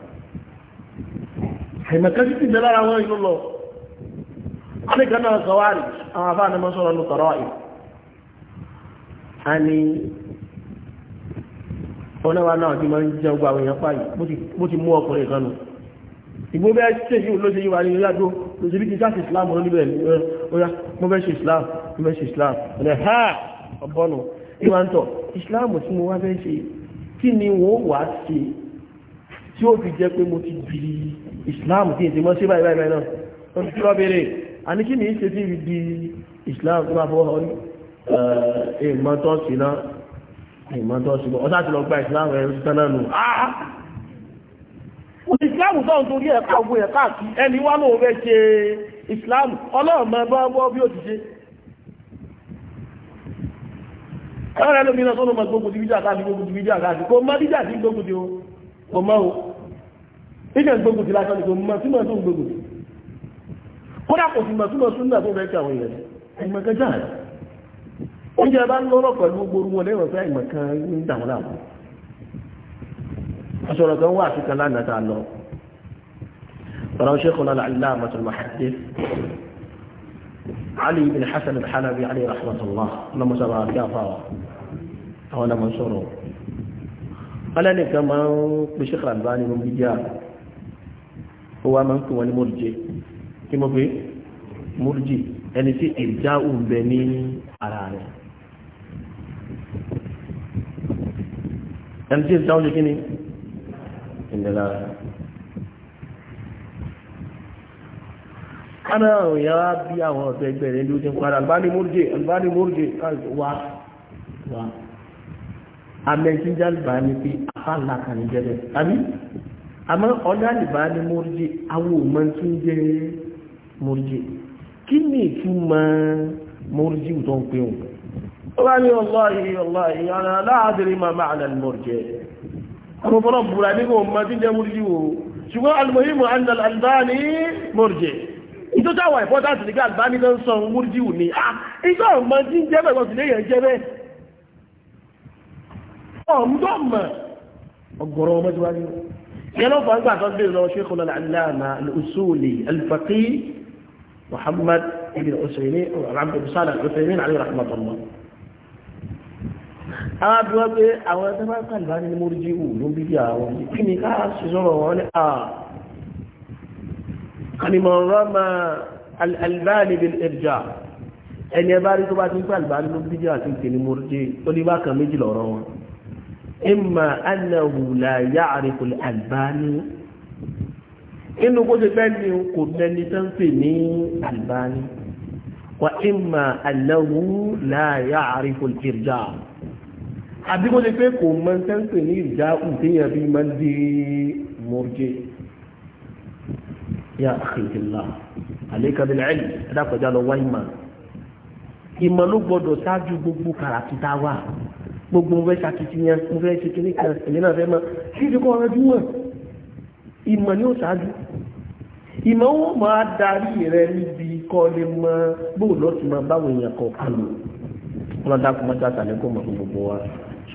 àìmọ̀kẹ́sí ọ̀nàwà náà ti máa ń jẹ́ ogbà àwọn èèyàn fàyè bó ti mú ọkùnrin kan nù ìgbó bẹ́ẹ̀ ṣe yìí ló ṣe yìí wà ní ìrìnàjò tó ṣe bí kí sáà ṣe islam ló níbẹ̀ ọ̀yà mo fẹ́ ṣe islam mo fẹ́ ṣe islam ọ̀nà ha ọ̀bọ̀nù ìwà ń tọ̀ islam tí mo wá fẹ́ ṣe kí ni wọ́n wá ṣe tí ó fi jẹ́ pé mo ti bìrì islam kí n ti mọ́ sí báyìí báyìí náà ó ti lọ bèrè àní kí ni ìṣe ti di islam tó máa fọwọ́ ìmọ̀tọ́ ṣùgbọ́n ọ̀sá ti lọ gba ìsìláàmù ẹ̀rù títẹ́ náà nù. ìsìláàmù ah! tó ń torí ẹ̀ka ogun ẹ̀ka àti ẹni wá lóun fẹ́ ṣe ìsìláàmù ọlọ́run mọ bá wọ́ bí ó ti ṣe. ọ̀rẹ́ lómi náà tó ló mọ gbogbo ti bíjà káàdì gbogbo ti bíjà káàdì kò mọ bíjà sí gbogbo ti o kò mọ o bíjà gbogbo ti lásán ni kò mọ sí mọ tó oúnjẹ bá ń lọ́rọ̀ pẹ̀lú gbogbo wọn lẹ́wọ̀n fẹ́ ìmọ̀ kan ní ìdàwọn láàmú aṣọ́rọ̀ kan wà sí kan lánàá tá a lọ ọ̀rọ̀ ṣe kọ́nà làlá àmàtàn mahadif ali ibn hasan al-halabi ali rahmatullah na musa ba fi afawa àwọn ọmọ sọ̀rọ̀ alẹ́nìkan máa ń pè ṣe kàlbá nínú bídíà ó wá máa ń pè wọn ní mọ́rùjẹ́ kí mo pé mọ́rùjì ẹni tí ìjà òun bẹ ní ara rẹ̀ ẹni tí ìta oúnjẹ kíni ìnilára kánà òyà bí àwọn ọ̀sẹ̀ ẹgbẹ́ rẹ̀ ní ojú padà albani morje albani morje wá wá amẹ́síjà albani pé afáàlà kan jẹ́lẹ̀ tàbí àmọ́ ọ̀dà albani morje àwọn òmọ́ tún jẹ́ morje kí ni ìtumọ̀ morje tó ń pè wọn wá ní ọlọ́ọ̀hì ọlọ́ọ̀hì ọ̀nà aláàdìrí màmá àlàlmọ̀rjẹ́ àwọn ọmọ búra nígbà ọmọ tí jẹ́ múrí wò ṣùgbọ́n almuhimu anna albani mọ̀rjẹ́ ìtó táwà ìpọ́tàtì nígbà albani tó ń sọ múrí wò ní ah, ìjọ ọmọ tí jẹ́ bẹ̀rẹ̀ sí léyàn jẹ́ bẹ́ ọmọdọ́mọ ọgọ̀rọ̀ ọmọ tí wá ní yẹlọ fún àwọn bí wọ́n pé àwọn ẹgbẹ́ bá kàn láti ní mórí jíhù ló bí àwọn kí ni ká ṣe sọ́rọ̀ wọn ní à kànìmọ̀rán máa albáàlì bil irja ẹni ẹ bá rí tó bá ti ń pè albáàlì ló bí jíhù kó ṣe fẹ́ kò mẹ́ni tó ń pè ní albáàlì wa imma annahu la ya'rifu irja àbí kó ṣe pé kò mọ sẹ́ńsì ní ìjà òtẹ́yàn bí máa ń di mọ́jẹ́ yá àkèjìlá àlékàbílẹ̀ ẹ̀yìn ẹ̀dàkọ̀já lọ wá ìmọ̀ ìmọ̀ ló gbọ́dọ̀ ṣáájú gbogbo kàràkítà wà gbogbo mo fẹ́ ṣàkitiyan mo fẹ́ ṣe kíní kan èmi náà fẹ́ mọ títí kọ́ ọ̀rẹ́jú mọ̀ ìmọ̀ ni ó ṣáájú ìmọ̀ wọn máa darí rẹ níbi kọ́ lè mọ bóòlù ọ̀tún máa báwọn èèyàn kọ̀ọ̀kan lò wọn dákú mọ́tò àtàlẹ́kọ̀ọ́ mọ̀ gbogbo wa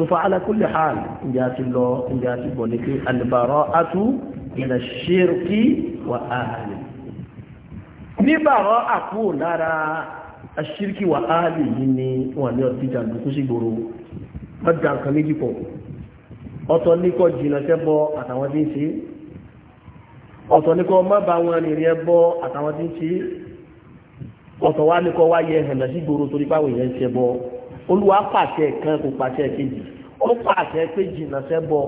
sofa ala kulli hal ǹjẹ́ a ti lọ ǹjẹ́ a ti bọ̀ ní pé al-bara'atu ila shirki wa ahli ní bàrọ́ àpò lára ashirki wa ahli yìí ni wọ́n ní ọtí jàǹdùkú sí gbòòrò wọ́n jà nǹkan méjì pọ̀ ọ̀tọ̀ ní kó jìnnà sẹ́bọ àtàwọn tí ń ṣe ọ̀tọ̀ ní kó má bá wọn rìnrìn ẹbọ àtàwọn tí ń ṣe ọ̀tọ̀ wá ní kó wá yẹ ẹ̀hẹ̀nà sí gbòòrò torí báwọn èèyàn ń ṣẹbọ olúwa pàṣẹ kan kò pàṣẹ kejì ó pàṣẹ pé jìnnà sẹ́bọ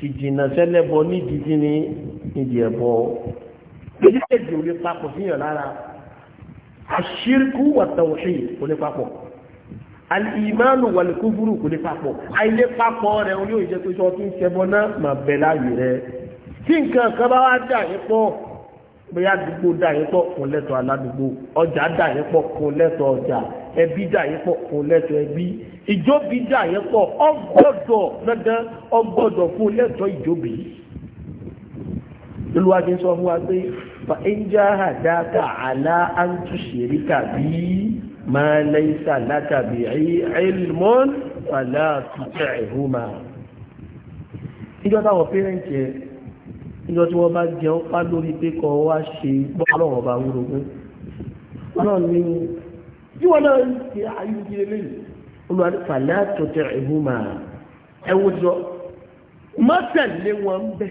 sì jìnnà sẹ́lẹ́bọ nídìí kí ni nídìí ẹ̀bọ méjèèjì ò lè papọ̀ síyàn lára àṣírkú wàtàwọ̀ṣe kò lè papọ̀ alìmánu wàlìkúfúrú kò lè papọ̀ àìlè papọ̀ rẹ̀ orí òye tó sọ tí ń ṣẹbọ náà mà bẹ̀ láàyè rẹ̀ tí nǹkan kan bá wá dà yín pọ̀ bóyá àdúgbò dà yín pọ̀ kò lẹ́tọ̀ aládùúgbò ọjà dà yín pọ̀ kò lẹ́tọ̀ ọjà ẹbí dà yín pọ̀ kò lẹ́tọ̀ ẹbí ìjóbi dà yín pọ̀ ọgbọ́dọ̀ dandan ọgbọ́dọ̀ fún lẹ́tọ̀ ìjóbi olùwàjì sọ fún wa pé fa ẹnjá àdáka àlá àǹtúṣèrí tàbí máa lẹ́yìn sàlá tàbí ẹ̀ẹ́lmọ́n fàlá tuntun ẹ̀húnmá ìjọ táwọn pẹ́rẹ́ǹtì ẹ̀ ìjọ tí wọ́n bá jẹun pá lórí pé kọ́ wá ṣe gbọ́ ọlọ́run ọba wúrogún ọlọ́run ní bí wọn náà ń ṣe ayélujára lẹ́yìn olùwàdí fàlẹ́ àtọ̀tẹ̀ ìhùmà ẹ̀wọ̀n jọ má tẹ̀lé wọn bẹ́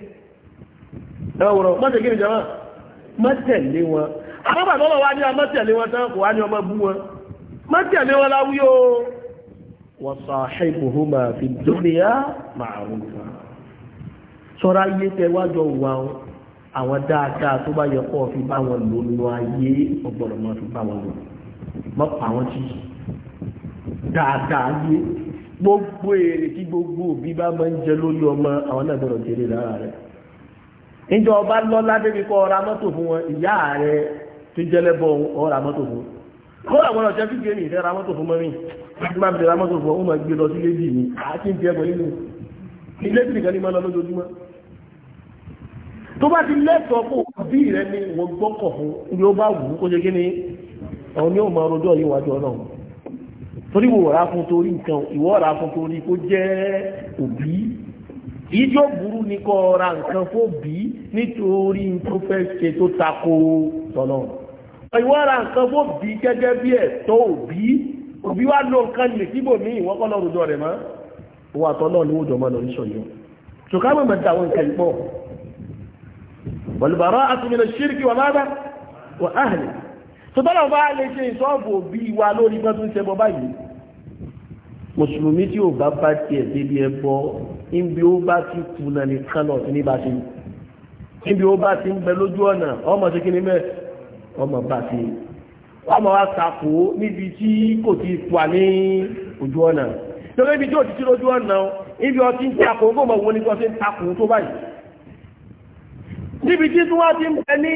ẹ̀wọ̀n má tẹ̀lé kí ni jama má tẹ̀lé wọn àbábà tó lọ wá ní ọmọ tẹ̀lé wọn tán kò wá ní ọmọ bú wọn má tẹ̀lé wọn láwí o wọ́n sọ àṣẹ́bùhùmà fi dúnìyà màrúfà sọ́ra yé tẹ wájọ wà ó àwọn dáadáa tó bá yẹ kó fi bá wọn lò nínú ayé ọgbọ̀rọ̀ mọ́ pa wọ́n tí dáadáa yé gbogbo èrè tí gbogbo òbí bá máa ń jẹ lórí ọmọ àwọn náà gbọ́dọ̀ jèrè lára rẹ̀ níjọ ọba lọ́lá débi kọ́ ọ̀ra mọ́tò fún wọn ìyá rẹ̀ tó jẹ́lẹ́bọ̀ ọ̀ra mọ́tò fún wọn kọ́lá wọn ọ̀jẹ́ fífi èyí ìfẹ́ ra mọ́tò fún mọ́rin láti máa fi ra mọ́tò fún ọmọ gbé lọ sí ilé bìí mi àti ìfẹ́ ẹgbẹ̀ nínú ilé bìí nìkan ní máa lọ lójoojúmọ́ tó bá ti lẹ́tọ̀ọ́ kó bí rẹ ni wọ́n gbọ́kọ̀ fún ní ó bá wù ú kó ṣe kí ni àwọn ni ó máa rojọ́ yìí wájú ọlọ́run torí wò rà fún torí nǹkan ìwọ rà fún torí kó jẹ́ òbí ìjọ burú ni kọ́ ra nǹkan fóbi nítorí tó fẹ́ ṣe tó tako tọ́lọ́run ìwọ ra nǹkan fóbi gẹ́gẹ́ bí ẹ̀tọ́ òbí òbí wa lo nǹkan lè síbò ní ìwọ́n kọ́ lọ rojọ́ rẹ̀ mọ́ owó àtọ́lọ́ ni ó jọ máa lọ ní sọ̀yọ́ ṣùgbọ́n àwọn ìmọ̀ta àwọn nǹkan ìpọ̀ wal bara'atu min ash-shirki wa mada wa ahli tọ́lọ̀ bá lè ṣe ìṣọ́ọ̀bù òbí wa lórí gbọ́n tó ń ṣẹbọ báyìí mùsùlùmí tí ò bá bá tiẹ̀ débi ẹbọ níbi ó bá ti kùnà nìkan lọ sí níbà ṣe níbi ó bá ti ń bẹ lójú ọ̀nà ọmọ ṣe kíni mẹ́ ọmọ bá ti ọmọ wa sàkó níbi tí kò ti wà ní ojú ọ̀nà lórí ibi tí ò ti sí lójú ọ̀nà níbi ọtí ń takò ń takò wọ́n ní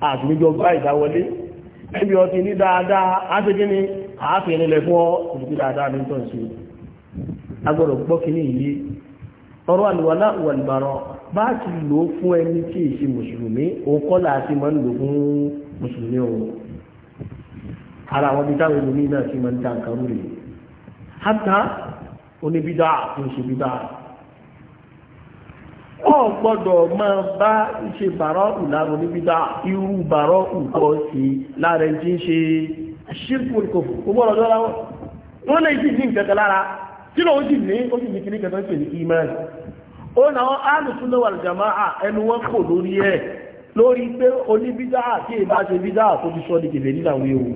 àtúnjọ bá ìdáwọlé níbi ọtí ní dáadáa ápèkí ni àáfẹ́ nílẹ̀ fún ọ ìdíkí dáadáa ní tọ́n sí agbọ́dọ̀ gbọ́ kí ní ìyí ọ̀rọ̀ àlùwàlá wàlùbàrọ̀ bá ti lò fún ẹni tí ìṣe mùsùlùmí òun kọ́ là ti máa ń lò fún mùsùlùmí òun ara àwọn bíi táwọn ẹlòmíín náà ti máa ń dá nǹkan rú rèé hátà oníbídà tó ọ gbọ́dọ̀ máa bá ṣe bàárọ̀ ìlànà níbídá irú bàárọ̀ ìkọ́ sí láàrin tí ń ṣe ṣírkù kò gbọ́dọ̀ lọ́ra wọn wọ́n lè ti dín kẹta lára tí lóun sì ní ó sì ní kíní kẹta ń pè ní imani ó náà alùsùn náà wà jàmáà ẹnu wọn kò lórí ẹ̀ lórí pé oníbídá àti ìbá ṣe bídá tó ti sọ ní kèfèrí làwọn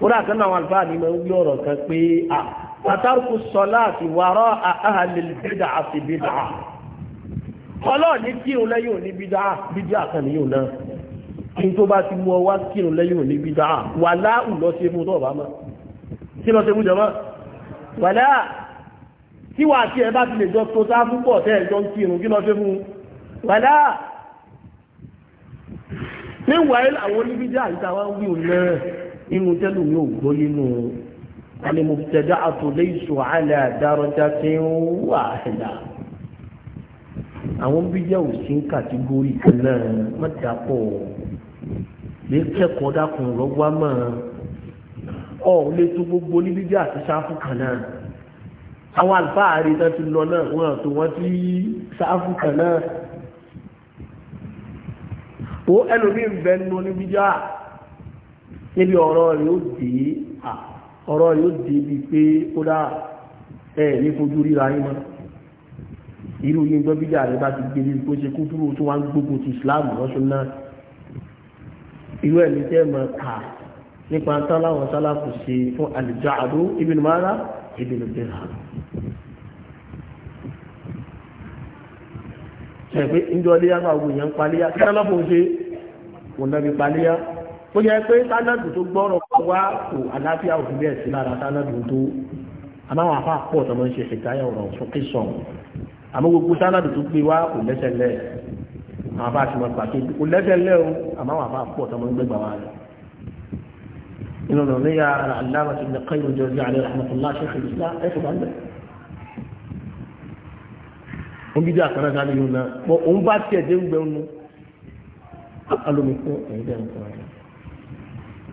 kódà kan náà àwọn àlùfáà ní máa ń gbé ọ̀rọ̀ kan pé à pàtàkì sọlá àti wàrọ̀ àhàlẹ̀ bídà àti bídà ọlọ́ọ̀ni kírun lẹ́yìn òní bídà bídà kan níyò náà kí n tó bá ti mú ọ wá kírun lẹ́yìn òní bídà wà láàrú lọ sí fún tọ́ọ̀bá mọ́ kí lọ sí fún jọmọ́ wà láà tí wà tí ẹ bá ti lè jọ tó sáà púpọ̀ tẹ́ ẹ̀jọ́ ń kírun kí lọ sí fún wà láà ní wàá àwọn oníbídà ìtawà inú tẹ́lù mi ò gbọ́ nínú al-mubtada'atu laysu ala darajatin wahida àwọn bíjẹ́ ò sí ń kàtígórì kan náà má dàpọ̀ lè kẹ́kọ̀ọ́ dákun lọ́gbà mọ́ ọ lè tó gbogbo ní bíjẹ́ àti sáfù kan náà àwọn àlùfáà rí ti lọ náà wọn àti wọn ti sáfù kan náà ó ẹlòmíín bẹ́ẹ̀ nínú oníbíjẹ́ à níbi ọ̀rọ̀ rẹ̀ ó dé à ọ̀rọ̀ rẹ̀ ó dé bí pé ó dá ẹ̀ ní fojú ríra yín mọ́ irú yín gbọ́ bíjà rẹ̀ bá ti gbé ní kó ṣe kú dúró tó wá ń gbógun ti Islam lọ́sùn náà irú ẹ̀ ní tẹ́ mọ̀ ká nípa tán láwọn sálàkù ṣe fún àlùjáàdó ibn mara ibn dirham ṣe pé ń jọ léyà gbàgbó yẹn ń paléyà kí lọ́lọ́pọ̀ ṣe kò náà fi paléyà ó yẹ pé sánàdù tó gbọ́rọ̀ wá kò àlàáfíà òfin bẹ́ẹ̀ sí lára sánàdù tó àmáwọn afá pọ̀ tọmọ ń ṣe ṣèkáyà ọ̀rọ̀ sókè sàn àmọ́ gbogbo sánàdù tó gbé wá kò lẹ́sẹ̀ lẹ̀ àwọn afá ti mọ pàṣẹ kò lẹ́sẹ̀ lẹ̀ o àmáwọn afá pọ̀ tọmọ ń gbẹgbà wá rẹ̀ inú ní yàrá aláwọ̀ ti lè kẹ́yìn ojú ọjọ́ àlẹ́ rahmatullah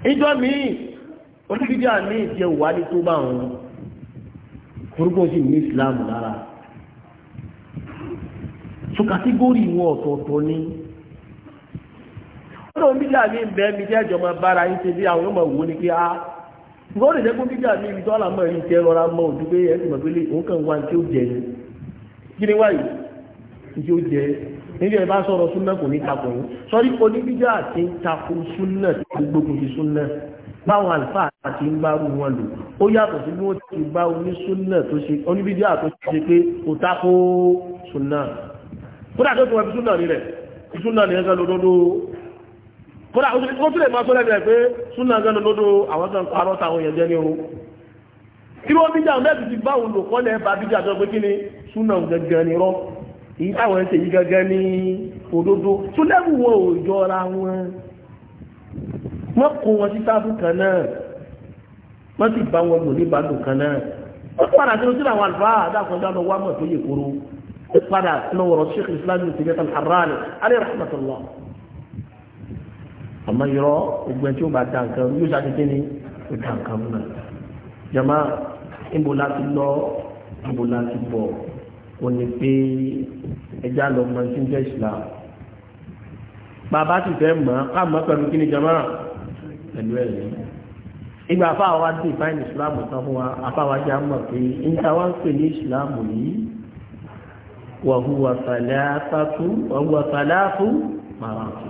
ìjọ míì oníbíbí àmì ìjẹ ní tó bá wọn orúkọ sì ní islam lára so kàtígórì wọn ọ̀tọ̀ọ̀tọ̀ ni ọ̀dọ̀ bíbí àmì ń bẹ́ mi jẹ́ ìjọba bára yín ṣe bí àwọn ọmọ wò ni pé a ah, ìwọ́n ibi tó wà rọra mọ́ òdúgbé ẹ̀sìn mọ̀gbélé òun kàn wá ní tí ni wáyé ní nílé ẹ̀bá sọ̀rọ̀ súnà kò ní takò yín sọ́rí oníbíjà àti takò súnà tí gbogbo ti súnà báwọn àlùfáà àti ń bá rú wọn lò ó yàtọ̀ sí bí wọ́n ti bá onísúnà tó ṣe oníbíjà tó ṣe pé ó takò súnà kódà tó ti wọ́n fi súnà rí rẹ̀ súnà ní ẹgbẹ́ lódodo kódà ó tún lè máa sọ́lẹ̀ rẹ̀ pé súnà ẹgbẹ́ lódodo àwọn kan parọ́ táwọn yẹn jẹ́ ní o lò kọ́lẹ̀ bá bíjà tó pé kí ni súnà gẹ́gẹ́ ni rọ́ èyí táwọn ṣe yí gangan ní òdodo tó lẹ́rù wọn ò jọra wọn wọ́n kó wọn sí sáfù kan náà wọ́n sì bá wọn lò ní ìbádùn kan náà wọ́n padà sínú sínú àwọn àlùfáà àdáàkùn dáná wà mọ̀ tó yẹ kóró wọ́n padà sínú ọ̀rọ̀ sheikh islam ibn tibet al-harrani alayhi rahmatullah àmọ́ irọ́ ogun tí ó bá dá nǹkan yóò ṣàtìkí ni ó dá nǹkan mú náà jama ìbò láti lọ ìbò láti bọ̀ kò ní pé ẹja lọ mọ tí ń jẹ́ islam bàbá ti fẹ́ mọ̀ ká mọ̀ pẹ̀lú kí ni jama pẹ̀lú ẹ̀ ní. ìgbà afáwa wa dé ìfáìn islam kan fún wa afáwa jẹ́ àmọ̀ pé níta wá ń pè ní islam yìí wàhùwà sàlátù wàhùwà sàlátù màràtù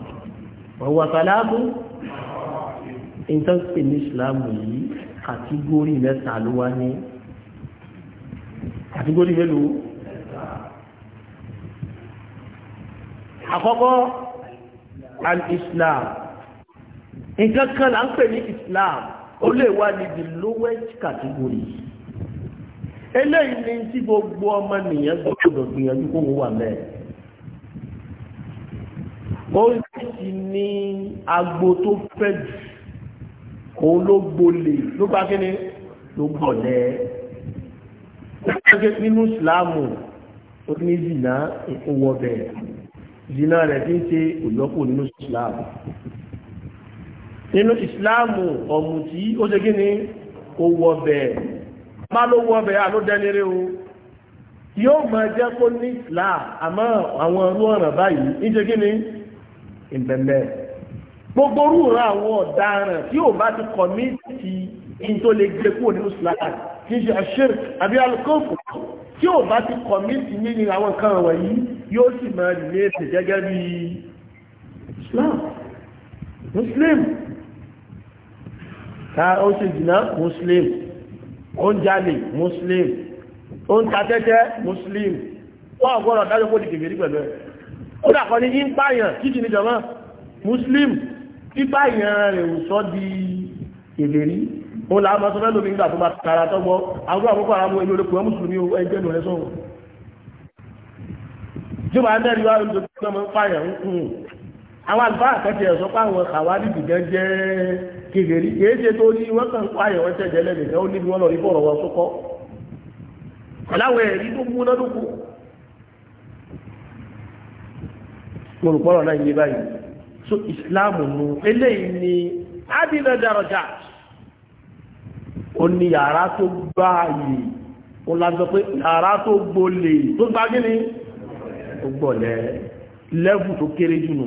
wàhùwà sàlátù níta ń pè ní islam yìí kàtígórì mẹ́ta ló wá ní kàtígórì mélòó. àkọ́kọ́ and islam nǹkan kan là ń pè ní islam ó lè wá ní the lowest category eléyìí ni tí gbogbo ọmọ nìyẹn gbọ́dọ̀ gbìyànjú kó wọ́n wà mẹ́rin ó sì ní agbo tó fẹ́ jù òun ló gbolè ló bá kíni ló gbọ̀lẹ́ nínú ìsìláàmù ó ní zìnà ìkówọ́ bẹ́ẹ̀ zina rẹ̀ tí ń ṣe òyọ́kù nínú ìsìláàmù nínú Islamu ọ̀mù tí ó ṣe kí ni ó wọ bẹ́ẹ̀ má ló wọ bẹ́ẹ̀ àlódẹ́nire o yóò máa jẹ́ kó ní ìsìláà àmọ́ àwọn ọ̀rú ọ̀ràn báyìí ń ṣe kí ni ìbẹ̀mẹ̀ gbogbo rúra àwọn ọ̀daràn tí ò bá ti kọ̀míìtì in tó lè gbé kúrò nínú ìsìláà kì í ṣe àṣírí àbí alukófù tí ò bá ti kọ̀míìtì nínú àwọn nǹkan wọ̀nyí yóò sì máa lè ṣe gẹ́gẹ́ bí Islam Muslim ta ó ṣe jìnnà Muslim ó ń jalè Muslim ó ń ta tẹ́tẹ́ Muslim wọ́n gbọ́dọ̀ dájọ́ kó di kèfèrí pẹ̀lú ẹ̀ ó dàkọ́ ní yín pààyàn kíkì ní jọmọ́ Muslim pípààyàn rẹ̀ ò sọ di kèfèrí ó làá máa sọ fẹ́ lómi nígbà tó bá tara tọ́gbọ́ àwọn àkókò àwọn ẹni olókùnrin mùsùlùmí ẹgbẹ́ lọ́rẹ́ sọ̀rọ̀ tí wàá dẹ́rì wá lóṣù tí wọ́n máa ń pààyàn ń kùn àwọn àlùfáà àkẹ́tì ẹ̀ sọ pé àwọn kàwárí dìgẹ́ jẹ́ kékeré kìí ṣe tó ní wọ́n kàn ń pààyàn wọ́n tẹ̀jẹ̀ lẹ́nìkan ó níbi wọ́n lọ rí bọ̀rọ̀ wọn sókọ́ aláwọ̀ ẹ̀rí tó múná lóko mo rò pọ́nrọ̀ náà yé báyìí so Islam nu eléyìí ni adìrẹ dàrọjà ó ní yàrá tó gbáàyè ó lájọ pé yàrá tó gbolè tó gbá ó gbọ̀lẹ̀ lẹ́fù tó kéré jù nù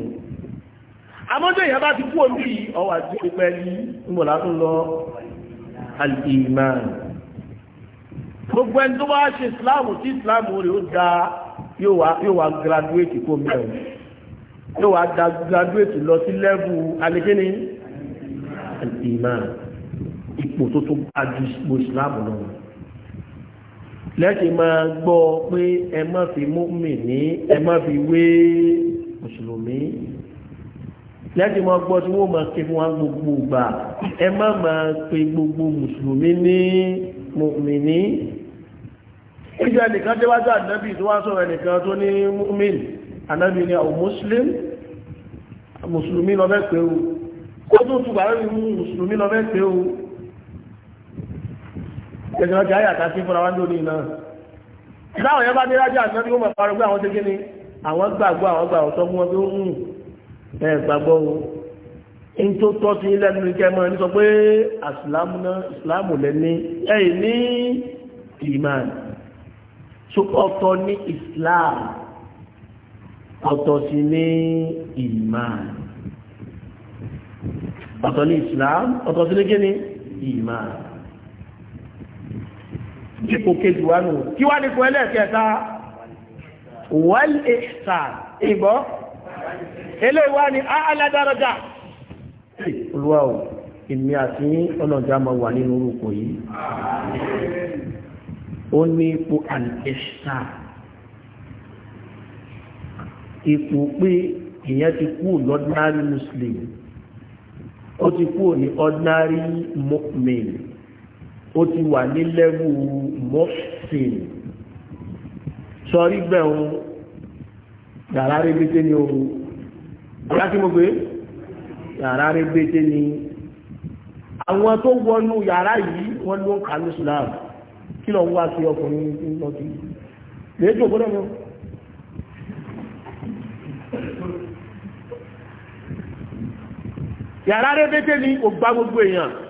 amọ́jọ́ ìyá bá ti kú omi ọwà tí ó pẹ́ ní ìmọ̀lá tó lọ al-iman gbogbo ẹni tó bá ṣe ìsìláàmù tí ìsìláàmù rẹ̀ ó da yóò wá graduate kó mẹ́rin yóò wá da graduate lọ sí lẹ́fù alẹ́kíní al-iman ipò tó tó bá ju ìsìláàmù lọ́wọ́ lẹ́sìn máa gbọ́ pé ẹ má fi mùmínì ẹ má fi wé mùsùlùmí lẹ́sìn máa gbọ́ tí wọ́n máa ké fún wa gbogbo gbà ẹ má máa pe gbogbo mùsùlùmí ní mùmínì ìjọ ẹnìkan tí wájú ànábì tó wá sọ̀rọ̀ ẹnìkan tó ní mùmín ànábì ni àwọn muslim mùsùlùmí lọ fẹ́ pé o kó tó tún bàrẹ́ mùsùlùmí lọ pé o ẹ̀sìn ọjà ayàtà sí fúnra wọn lórí iná láwọn yẹn bá dé rájà àná bí wọ́n máa parọ́ pé àwọn ṣégé ni àwọn gbàgbọ́ àwọn gbà ọ̀tọ́ fún wọn tó ń ẹ̀ gbàgbọ́ o ń tó tọ́ sí lẹ́nu ìkẹ́ mọ́ ẹni sọ pé àsìlámù náà ìsìlámù lẹ́ni ẹ̀ ní ìmán so ọ̀tọ̀ ní islam ọ̀tọ̀ sí ní ìmán ọ̀tọ̀ ní islam ọ̀tọ̀ sí ní kí ni ìmán ipò kejì wá nù kí wá nípo ẹlẹ́ẹ̀kẹta wal ihsan ìbọ́ eléyìí wá ní a'la daraja olúwa o èmi àti ọlọ́jà máa wà nínú orúkọ yìí ó ní ipò al ipò pé èèyàn ti kú ordinary muslim ó ti kú ní ordinary mu'min ó ti wà ní lẹ́wù mọ́sìn sọrí gbẹ̀hún yàrá rẹ́gbẹ́tẹ́ ni ooru ọ̀rá tí mo gbé yàrá rẹ́gbẹ́tẹ́ ni àwọn tó wọnú yàrá yìí wọ́n ló ń kà ní Islam kí lọ wá sí ọkùnrin tí lọ sí lẹ́jọ́ gbọ́dọ̀ mọ́ yàrá rẹ́gbẹ́tẹ́ ni ò gbá gbogbo èèyàn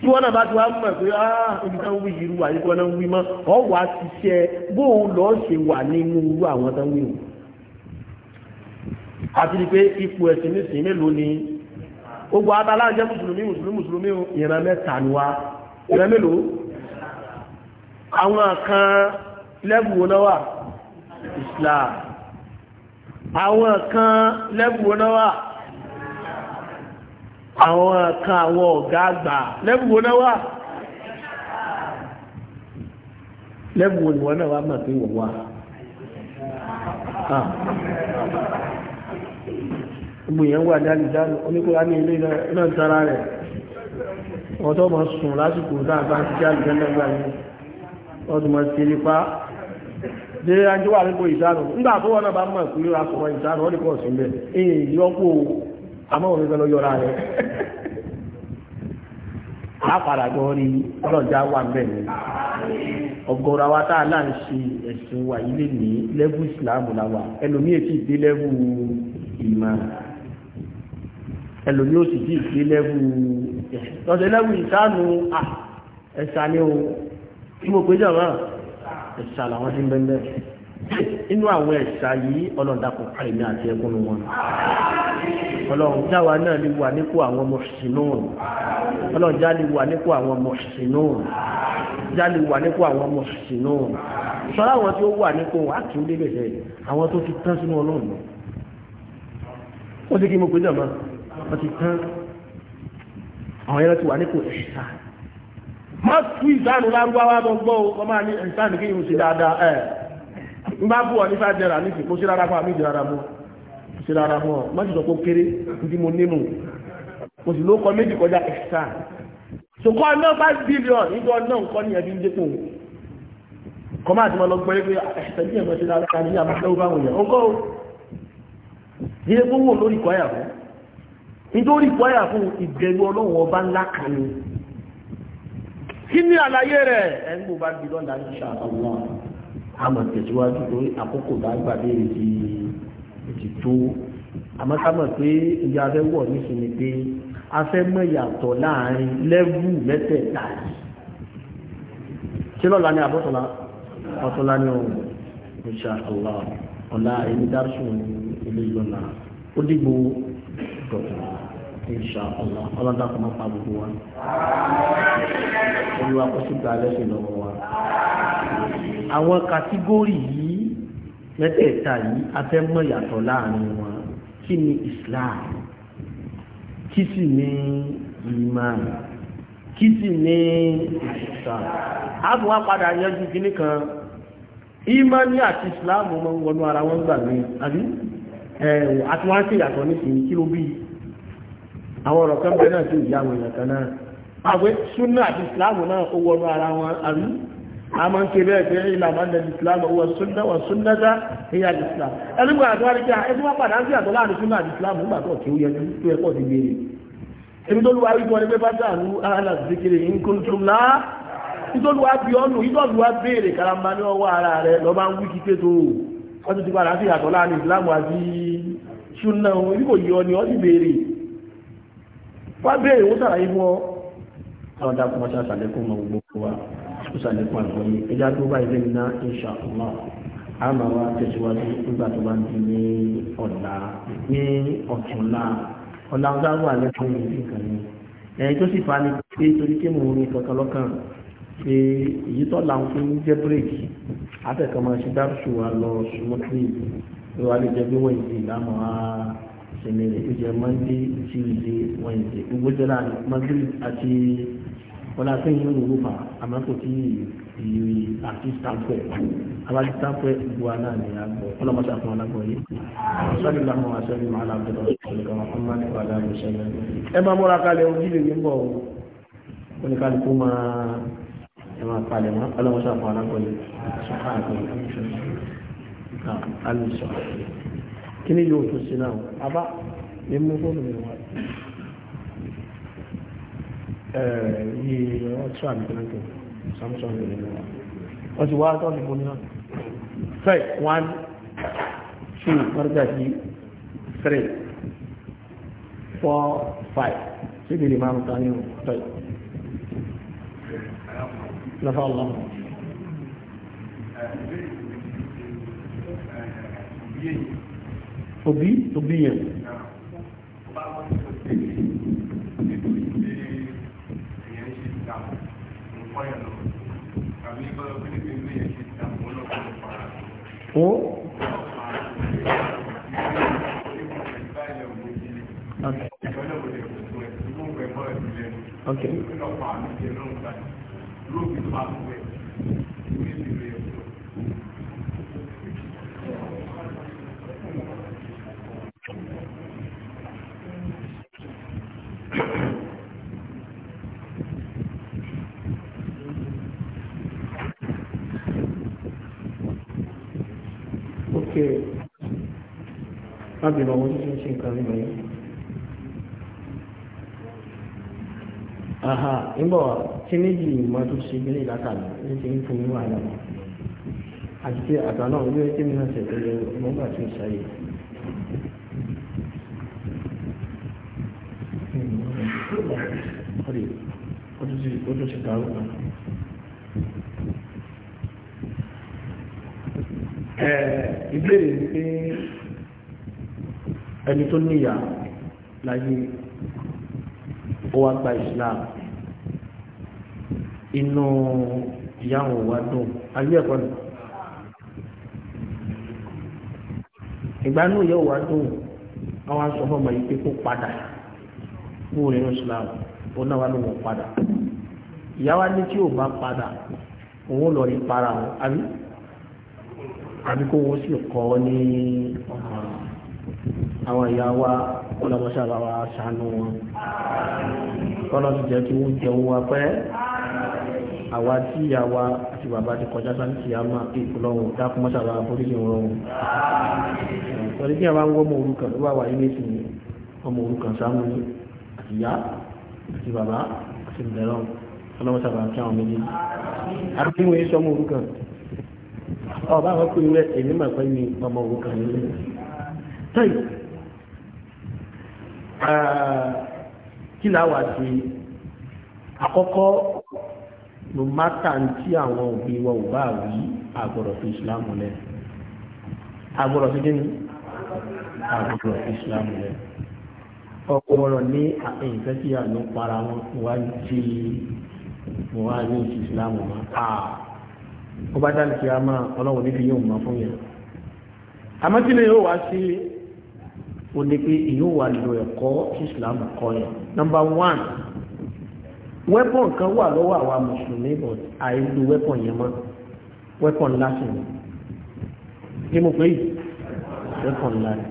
tí wọ́n náà bá ti wá mọ̀ pé ah ibi tán wí irú àyè kí wọ́n náà wí mọ́ ọ wá ṣiṣẹ́ bóun lọ́ọ́ ṣe wà nínú irú àwọn tán wí o àti pé ipò ẹ̀sìn nísìnyí mélòó ni gbogbo abala ń jẹ́ mùsùlùmí mùsùlùmí mùsùlùmí ìran mẹ́ta ni wa ìran mélòó àwọn kan lẹ́bù wọn náà wà Islam àwọn kan lẹ́bù wọn náà wà àwọn kan àwọn ọ̀gá àgbà lẹ́bùwò náà wà lẹ́bùwò ìwọ náà wà máa fi wọ̀ wá gbogbo èèyàn wà dáadáa oníkóra ní ilé náà sára rẹ̀ wọ́n tó sùn lásìkò dáadáa sí jáde lẹ́gbà yìí wọ́n tó mọ̀ sí nípa dé ajé nípo ìdáàrùn nígbà tó wọ́n náà bá mọ̀ ìpínlẹ̀ àkọ́wọ́ ìdáàrùn ọ́ nípa àmọ́ òun fẹ́ lọ yọra rẹ̀ àpàdàjọ rí ọlọ́jà wà ń bẹ̀ ní ọ̀gọ̀rọ̀ àwa tá a là ń ṣe ẹ̀sìn wa yìí lè ní lẹ́bù ìsìláàmù làwà ẹlòmíì èsì dé lẹ́bù ìmọ̀ ẹlòmíì òsì dì dé lẹ́bù lọ́sẹ̀ lẹ́bù ìsánú ẹ̀sà ni o tí mo pé jọ̀ọ́ náà ẹ̀sà làwọn ti ń bẹ́ńbẹ́ inú àwọn ẹ̀sà yìí ọlọ́dà kò ká ẹ̀mí àti ẹ̀kúnnú wọn ọlọ́run jáwa náà lè wà nípò àwọn muhsinun ọlọ́run já lè wà nípò àwọn muhsinun já lè wà nípò àwọn muhsinun sọ́lá àwọn tí ó wà nípò àti ilé bẹ̀rẹ̀ àwọn tó ti tán sínú ọlọ́run wọ́n ti kí mo pè jọ̀mọ́ wọ́n ti tán àwọn yẹn ti wà nípò ìṣà má tú ìsánù lárúbáwá tó gbọ́ ọ máa ní ìsánù kí n sì dáadáa ẹ̀ ń bá sí rárá mọ́ má ti sọ pé ó kéré ní mo nínú mo sì ló kọ méjì kọjá ẹ̀sà ṣùkọ́ náà bá bílíọ̀n níjọ náà nǹkan ní ẹbí ń dépò kọ́ máa ti máa lọ gbọ́yé pé ẹ̀sẹ̀ bí ẹ̀mọ́ sí rárá ní àbájáwó báwọn èèyàn ó kọ́ ó yẹ gbówó lórí kọ́ ẹ̀yà fún nítorí pọ́yà fún ìbẹ̀rù ọlọ́run ọba ńlá kan ni kí ni àlàyé rẹ̀ ẹgbò bá bí lọ́dà ní ṣàtàwọn àmọ̀ tẹ̀síwájú lórí àkókò dágbà léèrè sí i ti tó àmọ́ ká mọ̀ pé ibi afẹ́ wọ̀ nísìnyí pé afẹ́ mọ̀ yàtọ̀ láàrin lẹ́vù mẹ́tẹ̀ẹ̀ta yìí ṣé lọ́la ni àbọ̀tọ̀la ọ̀tọ̀la ni ọ̀hún insha Allah ọ̀la èmi dárṣùn ilé ìlọ́la ó dìgbò dọ̀tọ̀ insha Allah ọlọ́dà kò má pa gbogbo wa olùwàkọ́sí gbà lẹ́sìn lọ́wọ́ wa àwọn kàtígórì yìí mẹ́tẹ̀ẹ̀ta yìí a fẹ́ mọ̀ yàtọ̀ láàrin wọn kí ni islam kí sì ni iman kí sì ni islam àbùn wa padà yanjú kíní kan imani àti islam mọ wọnú ara wọn gbà mí àbí ẹ̀wọ̀n àti wọn ṣe yàtọ̀ nísìnyí kí ló bí àwọn ọ̀rọ̀ kan bẹ́ẹ̀ náà tó ìyá àwọn èèyàn náà àwọn sunna àti islam náà ó wọnú ara wọn àbí a máa ń ké bẹ́ẹ̀ pé ìlànà islam owó súnnà wà súnnàdá ìyá islam ẹlúgbà àtúwárí kí a ẹni wọ́n padà sí àtọ́ láàrin súnnà àti islam nígbà tó kí ó yẹ tó ẹ̀kọ́ ti gbére ebi tó luwa wípé ọdún pé bá dànù ara zikiri nkuntum náà ìtọ́luwa bí ọ́nù ìtọ́luwa béèrè karamba ní ọwọ́ ara rẹ̀ lọ́ba ń wí kíké tó wọ́n ti ti padà sí àtọ́ láàrin islam àti súnnà ibi kò yọ ni ó sàlékún àgbọ̀ yìí ẹja tó bá ilé iná insha Allah a máa wá tẹ̀síwájú nígbà tó bá ń di ní ọ̀la ní ọ̀túnla ọ̀la ń dáwọ́ àlẹ́ fún nìkan ni ẹ̀yìn tó sì fa ni pé torí kí mo rí kankan lọ́kàn pé èyí tó là ń fi ń jẹ́ bírèkì afẹ́kọ̀ọ́ máa ṣe dárúṣù wa lọ sùmọ́tì ìwà lè jẹ́ bí wọ́n ìdí ìlànà ṣẹlẹ̀ ìjẹ́ mọ́ndé tí wọ́n ìdí gbogbo jẹ́ láàrin mọ́ndé àti wọ́n láti ń yẹn wò fà àmọ́ kò tí ìyè àti sáfẹ́ àbájú sáfẹ́ ìgbò náà ní àgbọ̀ ọlọ́mọṣà fún alágbọ̀ yìí sọ́ọ́dì làwọn aṣọ́ọ́dì máa láti lọ sọ́ọ́dì kan wọ́n máa nípa aláàbò ṣẹlẹ̀ ẹ máa múra kalẹ̀ ojú lè yín bọ̀ oníkálukú máa ẹ máa palẹ̀ mọ́ ọlọ́mọṣà fún alágbọ̀ yìí sọ́ọ́dì kan alùsọ̀ kí ni yóò tó sí náà Eh, yìí wọ́n tún àmì kankan Samsung rẹ̀ lọ́wọ́ wọ́n ti wá tọ́ ní bóni náà fẹ́ one two mọ́tò sí three four five síbi lè máa ń tán ní tọ́ yẹn. Okay. Okay. kí ẹ lábìlọ wọn tó ṣe nǹkan nígbà yìí àhà nígbà tí méjì ìmọ̀ tó ṣe gbélé látàlá ní ti ń fún mi wà àti pé àgbà náà ló yẹ kí mi náà ṣẹ̀tọ́ lé ọgbà tí ó ṣayé ó tún ti dàrú ìbéèrè pé ẹni tó níyà láyé ó wá gba Islam inú ìyáwó wa dùn ayé ẹ̀kọ́ ni ìgbàanú ìyáwó wa dùn àwọn aṣọ ọmọ yìí pé kó padà kú nínú Islam ó náà wà lóun padà ìyá wa ní tí ò bá padà òun lọ rí para àwọn àbí kó wọ́n sì kọ́ ní àwọn ìyá wa kọ́lọ́mọṣẹ́ àbáwá ṣàánú wọn kọ́lọ́mù jẹ́ kí wọ́n jẹun wa pẹ́ àwa tí ìyá wa àti bàbá ti kọjá sáńtì yá máa kí ìpolówó dákúmọ́ṣẹ́ àbáwá foríṣẹ́ wọn rọrùn sọ̀rọ̀ bí àwọn ọmọ òrukàn ló bá wà nínú ìsìn ọmọ òrukàn sáánú àti ìyá àti bàbá àti ìbẹ̀rọ̀ ọlọ́mọṣẹ́ àbáwá kí àwọn méjì àbí wọ́n yé sọmọ òrukàn ọba àwọn rẹ èmi mà pé ní ọmọ òwò kan nínú tẹ́yì kí làwọn àti àkọ́kọ́ no matter tí àwọn òbí wa ò bá wí àgbọ̀rọ̀ fi Islam lẹ̀ àgbọ̀rọ̀ fi dínú àgbọ̀rọ̀ fi Islam lẹ̀ ọpọlọ ní àìyànfẹ́ tí a ló para wọn wá ní ti wọ́n á ní ìsìlámù máa ó bá dáàlì kí a máa ọlọ́run níbi yóò máa fún yẹn àmọ́ tí yóò wá sí o ní pé yóò wá lo ẹ̀kọ́ tí Islam kọ́ yẹn nọmba one wẹ́pọ̀n kan wà lọ́wọ́ àwa mùsùlùmí but àìlú wẹ́pọ̀n yẹn mọ́ wẹ́pọ̀n ńlá sí ni kí mo pè é wẹ́pọ̀n ńlá ni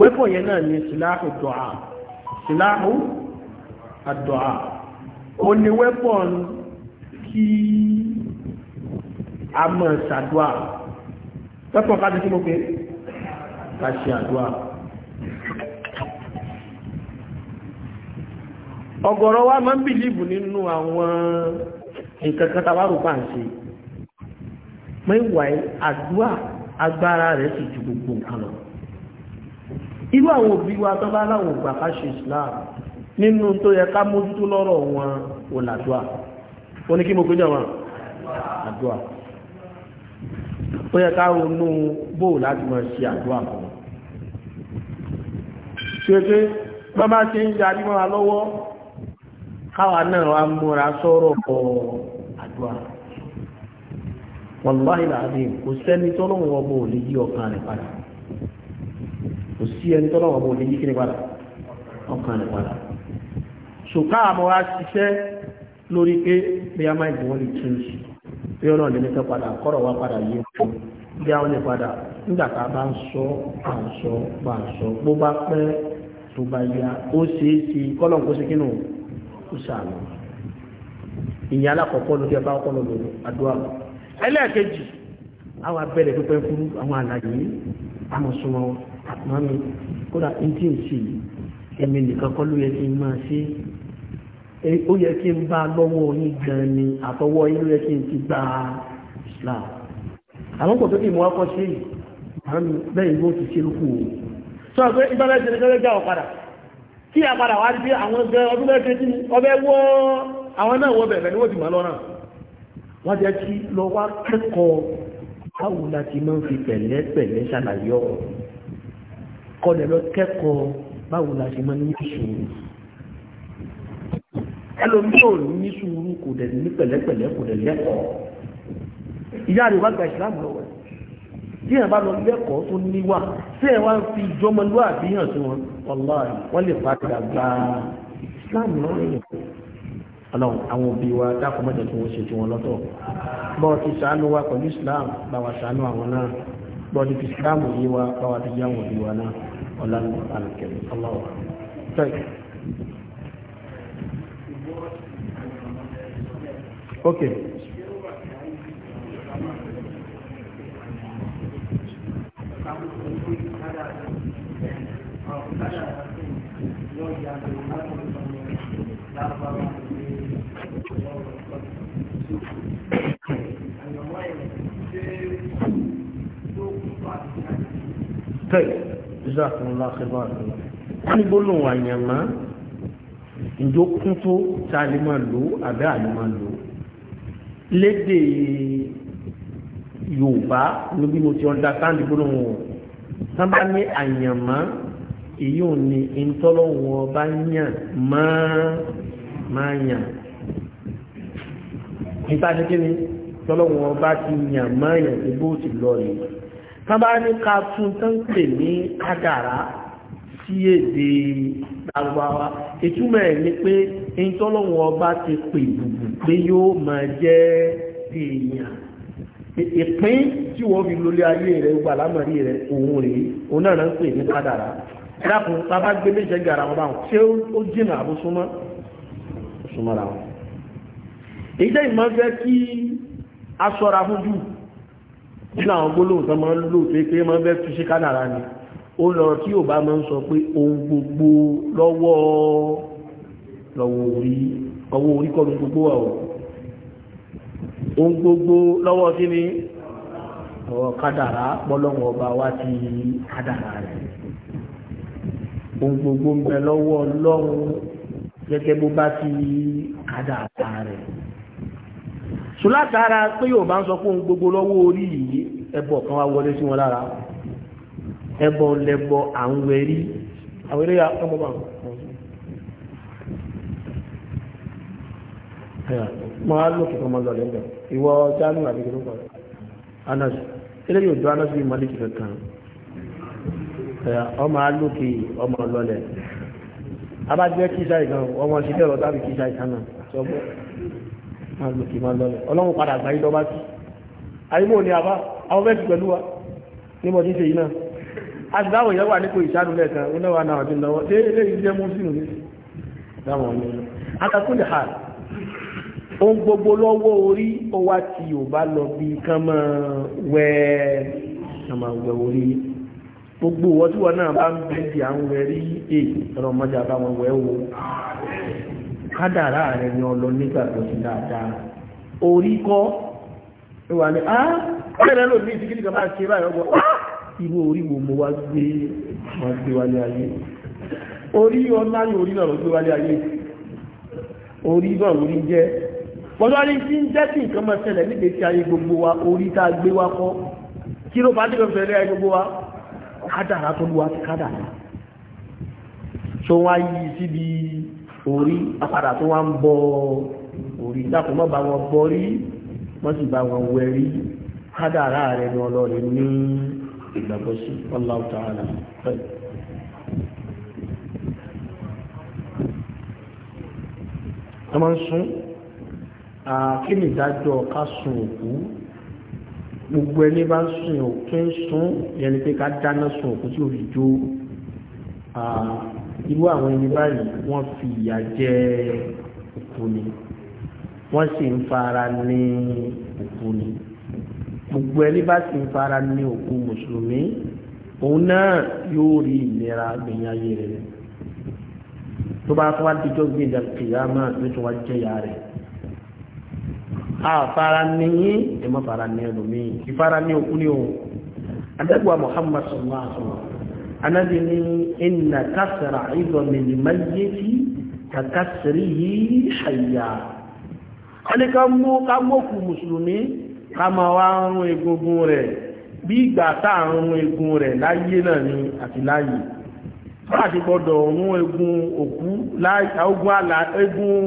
wẹ́pọ̀n yẹn náà ni silahu du'a silahu ad ó ní wẹ́pọ̀n kí a máa ṣàdúà tọ́pọ̀ ká ti kí mo pé ká ṣe àdúà ọ̀gọ̀rọ̀ wa máa ń bìlíìbù nínú àwọn nǹkan kan tá a wá rò bá ń ṣe mẹ́wàá àdúà agbára rẹ̀ sì ju gbogbo nǹkan lọ irú àwọn òbí wa tó bá láwọn ògbà ká ṣe Islam nínú tó yẹ ká mójútó lọ́rọ̀ wọn ò làdúà ó ní kí mo gbé jọ wọn àdúà. ó yẹ ká bóò láti mọ̀ ṣe àdúrà fún wọn ṣe pé bá bá ṣe ń yarí mọ́ra lọ́wọ́ káwa náà wá múra sọ́rọ̀ pọ̀ àdúrà kò sẹ́ni tọ́lọ́wọ́ ọmọ lè yí ọkàn rẹ̀ ṣiṣẹ́ lórí pé bí a máa ìdíwọ́n lè tún bí ọlọ́run ní kẹ́ padà kọ́rọ̀ wá padà yé o bí àwọn lè padà nígbà a bá ń sọ bá ń sọ bá ń sọ bó bá pẹ́ tó bá yá ó ṣeé ṣe kọ́lọ́n kó ṣe kínú kó ṣàlù ìyẹn alákọ̀ọ́kọ́ ló jẹ́ bá ọkọ̀ lọ́dọ̀ àdúrà ẹlẹ́ẹ̀kejì àwọn abẹ́rẹ́ ó yẹ kí n bá lọ́wọ́ yín gan ni àtọwọ́ yín ló yẹ kí n ti gba Islam àwọn kò tó kí mọ́ ọkọ̀ ṣe yìí àmì bẹ́ẹ̀ ló ti ṣe lókù o sọ pé ìbára ṣe lẹ́gbẹ́ já ọ̀ padà kí a padà wá rí pé àwọn gan ọdún mẹ́fẹ́ tí ọbẹ̀ wọ́ àwọn náà wọ bẹ̀rẹ̀ ni wọ́n ti mọ̀ lọ́nà wọ́n jẹ́ kí lọ wá kẹ́kọ̀ọ́ báwo la ti máa ń fi pẹ̀lẹ́pẹ̀lẹ́ ṣàlàyé ọ̀rọ̀ kọ́ ẹlòmíì ò ní sùúrù kò dẹ̀ ní pẹ̀lẹ́pẹ̀lẹ́ kò dẹ̀ lẹ́kọ̀ọ́ ìyá rẹ̀ wá gba ìsìlámù lọ́wọ́ tí ẹ̀ bá lọ lẹ́kọ̀ọ́ tó níwà tí ẹ̀ wá ń fi ìjọmọlúwàbí hàn sí wọn ọláì wọ́n lè padà gba ìsìlámù lọ́wọ́ yẹn ọlọ́run àwọn òbí wa dákọ̀ mọ́jọ tí wọ́n ṣe tí wọ́n lọ́tọ̀ bọ́ọ̀ ti ṣàánú wa pẹ̀lú islam bá wa ṣàánú àwọn náà bọ́ọ̀ ti fi islam yé wa bá wa ti yá àwọn òbí wa náà ọlọ́run alùkẹ́rẹ́ ok tẹ́ẹ̀ ìzákùnlá ṣẹlá wọ́n ní gbólóhùn àyànmá ìjókùn tó tá a lè máa lò àbẹ́ àlè máa lò Léde yorùbá níbi mo ti understand gbọ́dọ̀ wọn sábà ní àyànmọ́ èyí ò ní ìtọ́lọ́wọ́ bá yàn máa yàn ìtàṣe kí ni tọ́lọ́wọ́ bá ti yàn máa yàn tí bó ti lọ rí sábà ní ká tún tán pè ní kádàrá sí èdè Lárúbáwá ìtumọ̀ ẹ̀ ni pé ìtọ́lọ́wọ́ bá ti pè gbùgbù pé yóò máa jẹ́ èèyàn ìpín tí wọ́n fi lólé ayé rẹ̀ gbà lámàrí rẹ̀ òun rèé òun náà ń pè ní kádàrá dákun bàbá gbé méjì gara wọn báwọn ṣé ó jìnà àbúsúmọ́ súnmọ́ra wọn èyí tẹ́ ìmọ̀ fẹ́ kí a ṣọ́ra fún jù nínú àwọn gbólóhùn tán máa ń lò pé pé máa ń fẹ́ túnṣe kádàrá ni ó lọ tí ò bá máa ń sọ pé ohun gbogbo lọ́wọ́ lọ́wọ́ orí ọwọ́ orí kọ́ ló gbogbo wa o ohun gbogbo lọ́wọ́ sí ni ọ̀rọ̀ kádàrá pọ́lọ́wọ́ ọba wa ti kádàrá rẹ̀ ohun gbogbo ń bẹ lọ́wọ́ ọlọ́run gẹ́gẹ́ bó bá ti kádàrá rẹ̀ sùlátara pé yóò bá ń sọ fún ohun gbogbo lọ́wọ́ orí yìí ẹbọ kan wá wọlé sí wọn lára ẹbọ lẹbọ àwọn ẹrí àwọn eré ọmọ bàbá máa lókè kan máa lọlẹ̀ bẹ̀ ìwọ jánú àbí kí ló kọ̀ anas ilé yóò jọ anas bíi malik kankan ọmọ alókè ọmọ lọlẹ̀ abájẹ́ kíṣà ìkan ọmọ sílẹ̀ ọ̀rọ̀ tàbí kíṣà ìkan náà sọ́gbọ́ máa lókè máa lọlẹ̀ ọlọ́run padà gbáyé lọ́ba sí àyímọ̀ ni àbá àwọn fẹ́ẹ́ sì pẹ̀lú wa ní mọ̀ tí ń ṣe yìí náà àtìdáwò ìyẹ́wà nípo ìṣàdù lẹ́ẹ̀kan oníwà náà àti ìnáwó tí eléyìí jẹ́ mú sínú ní dáwọn ọmọ ìlú àtàkùn lè hàn ohun gbogbo lọ́wọ́ orí ó wá ti ò bá lọ bí kán máa wẹ́ kán máa wẹ orí gbogbo wọ́n tí náà bá ń bẹ́ẹ̀dì àwọn wẹ̀ rí èyí ọ̀rọ̀ mọ́jà bá wọn wẹ̀ wò kádàrá rẹ̀ ni ọlọ nígbà tó ti dáadáa orí kọ́ ìwà ni á bẹ́ẹ̀ ló ní ah! ìsìnkí nìkan bá ṣe báyìí ọgbọ́n ah! irú orí wo mo wá gbé wọn gbé wálé ayé orí ọlá ní orí náà ló gbé wálé ayé orí náà lórí jẹ́ pọ̀lọ́rí tí ń jẹ́ kí nǹkan máa ṣẹlẹ̀ nígbè tí ayé gbogbo wa orí tá a gbé wa kọ́ kí ló bá dìgbà fẹ́rẹ́ ayé gbogbo wa kádàrá tó lùwà ti kádàrá tó wá yí síbi orí apàdà tó wá ń bọ orí dákun má bá wọn bọ rí wọ́n sì bá wọn wẹ rí kádàrá rẹ̀ ni ọlọ́rin ní ìgbàgbọ́ sí Allahu ta'ala fẹ́ẹ́. wọ́n kí ni ìdájọ́ ká sun òkú gbogbo ẹni bá ń sun òkú ń sun yẹn ni pé ká dáná sun òkú tí ó fi jó irú àwọn ẹni báyìí wọ́n fi ìyà jẹ òkú ni wọ́n sì ń fara ní òkú ni gbogbo ẹni bá sì ń fara ní òkú mùsùlùmí òun náà yóò rí ìlera gbẹ̀yìn ayé rẹ̀ tó bá tó wá gbé ìdàkìyàmá ló tó wá jẹ́yà rẹ̀ àfara ní yín ẹ̀mọ́ fara ní ẹlòmíì ìfara ní òkú ní òun adẹ́gbà Muhammad sallallahu alaihi wasallam anábì ní inna kásìrà ìdọ̀ mẹ́lì máyé tí kàkásìrì yìí ṣàyà wọ́n ká mú ká mọ́kù mùsùlùmí ká ma wá rún egungun rẹ̀ bí ìgbà táà rún egun rẹ̀ láyé náà ni àti láyé wọ́n àti gbọ́dọ̀ rún egun òkú egun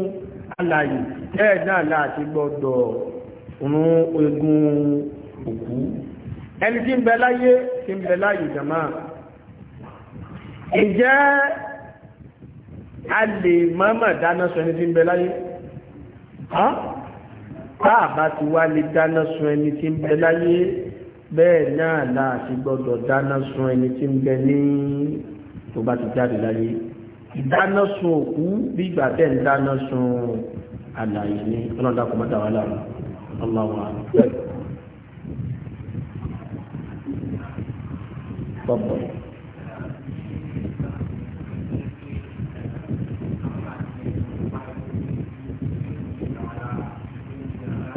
alàyè bẹ́ẹ̀ náà láti gbọ́dọ̀ rún egun òkú ẹni tí ń bẹ láyé tí ń bẹ láyé jàmá ìjẹ́ a lè mọ́mọ̀ dáná sọ ẹni tí ń bẹ láyé táàbá ti wá lè dáná sun ẹni tí ń bẹ láyé bẹ́ẹ̀ náà láti gbọ́dọ̀ dáná sun ẹni tí ń bẹ ní tó bá ti jáde láyé ìdáná sun òkú bí ìgbà tẹ́ ń dáná sun àlàyé ní ọlọ́dà kò mọ́tà wà lára ọlọ́wà pọ̀pọ̀.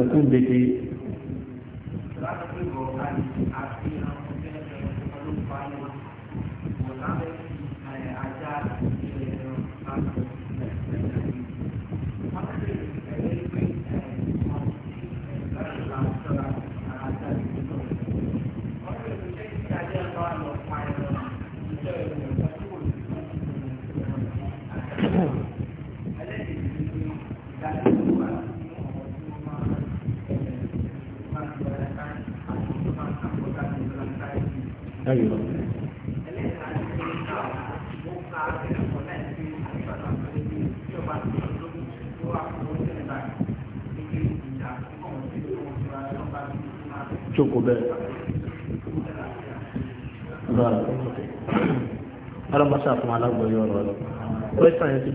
òkú bèbè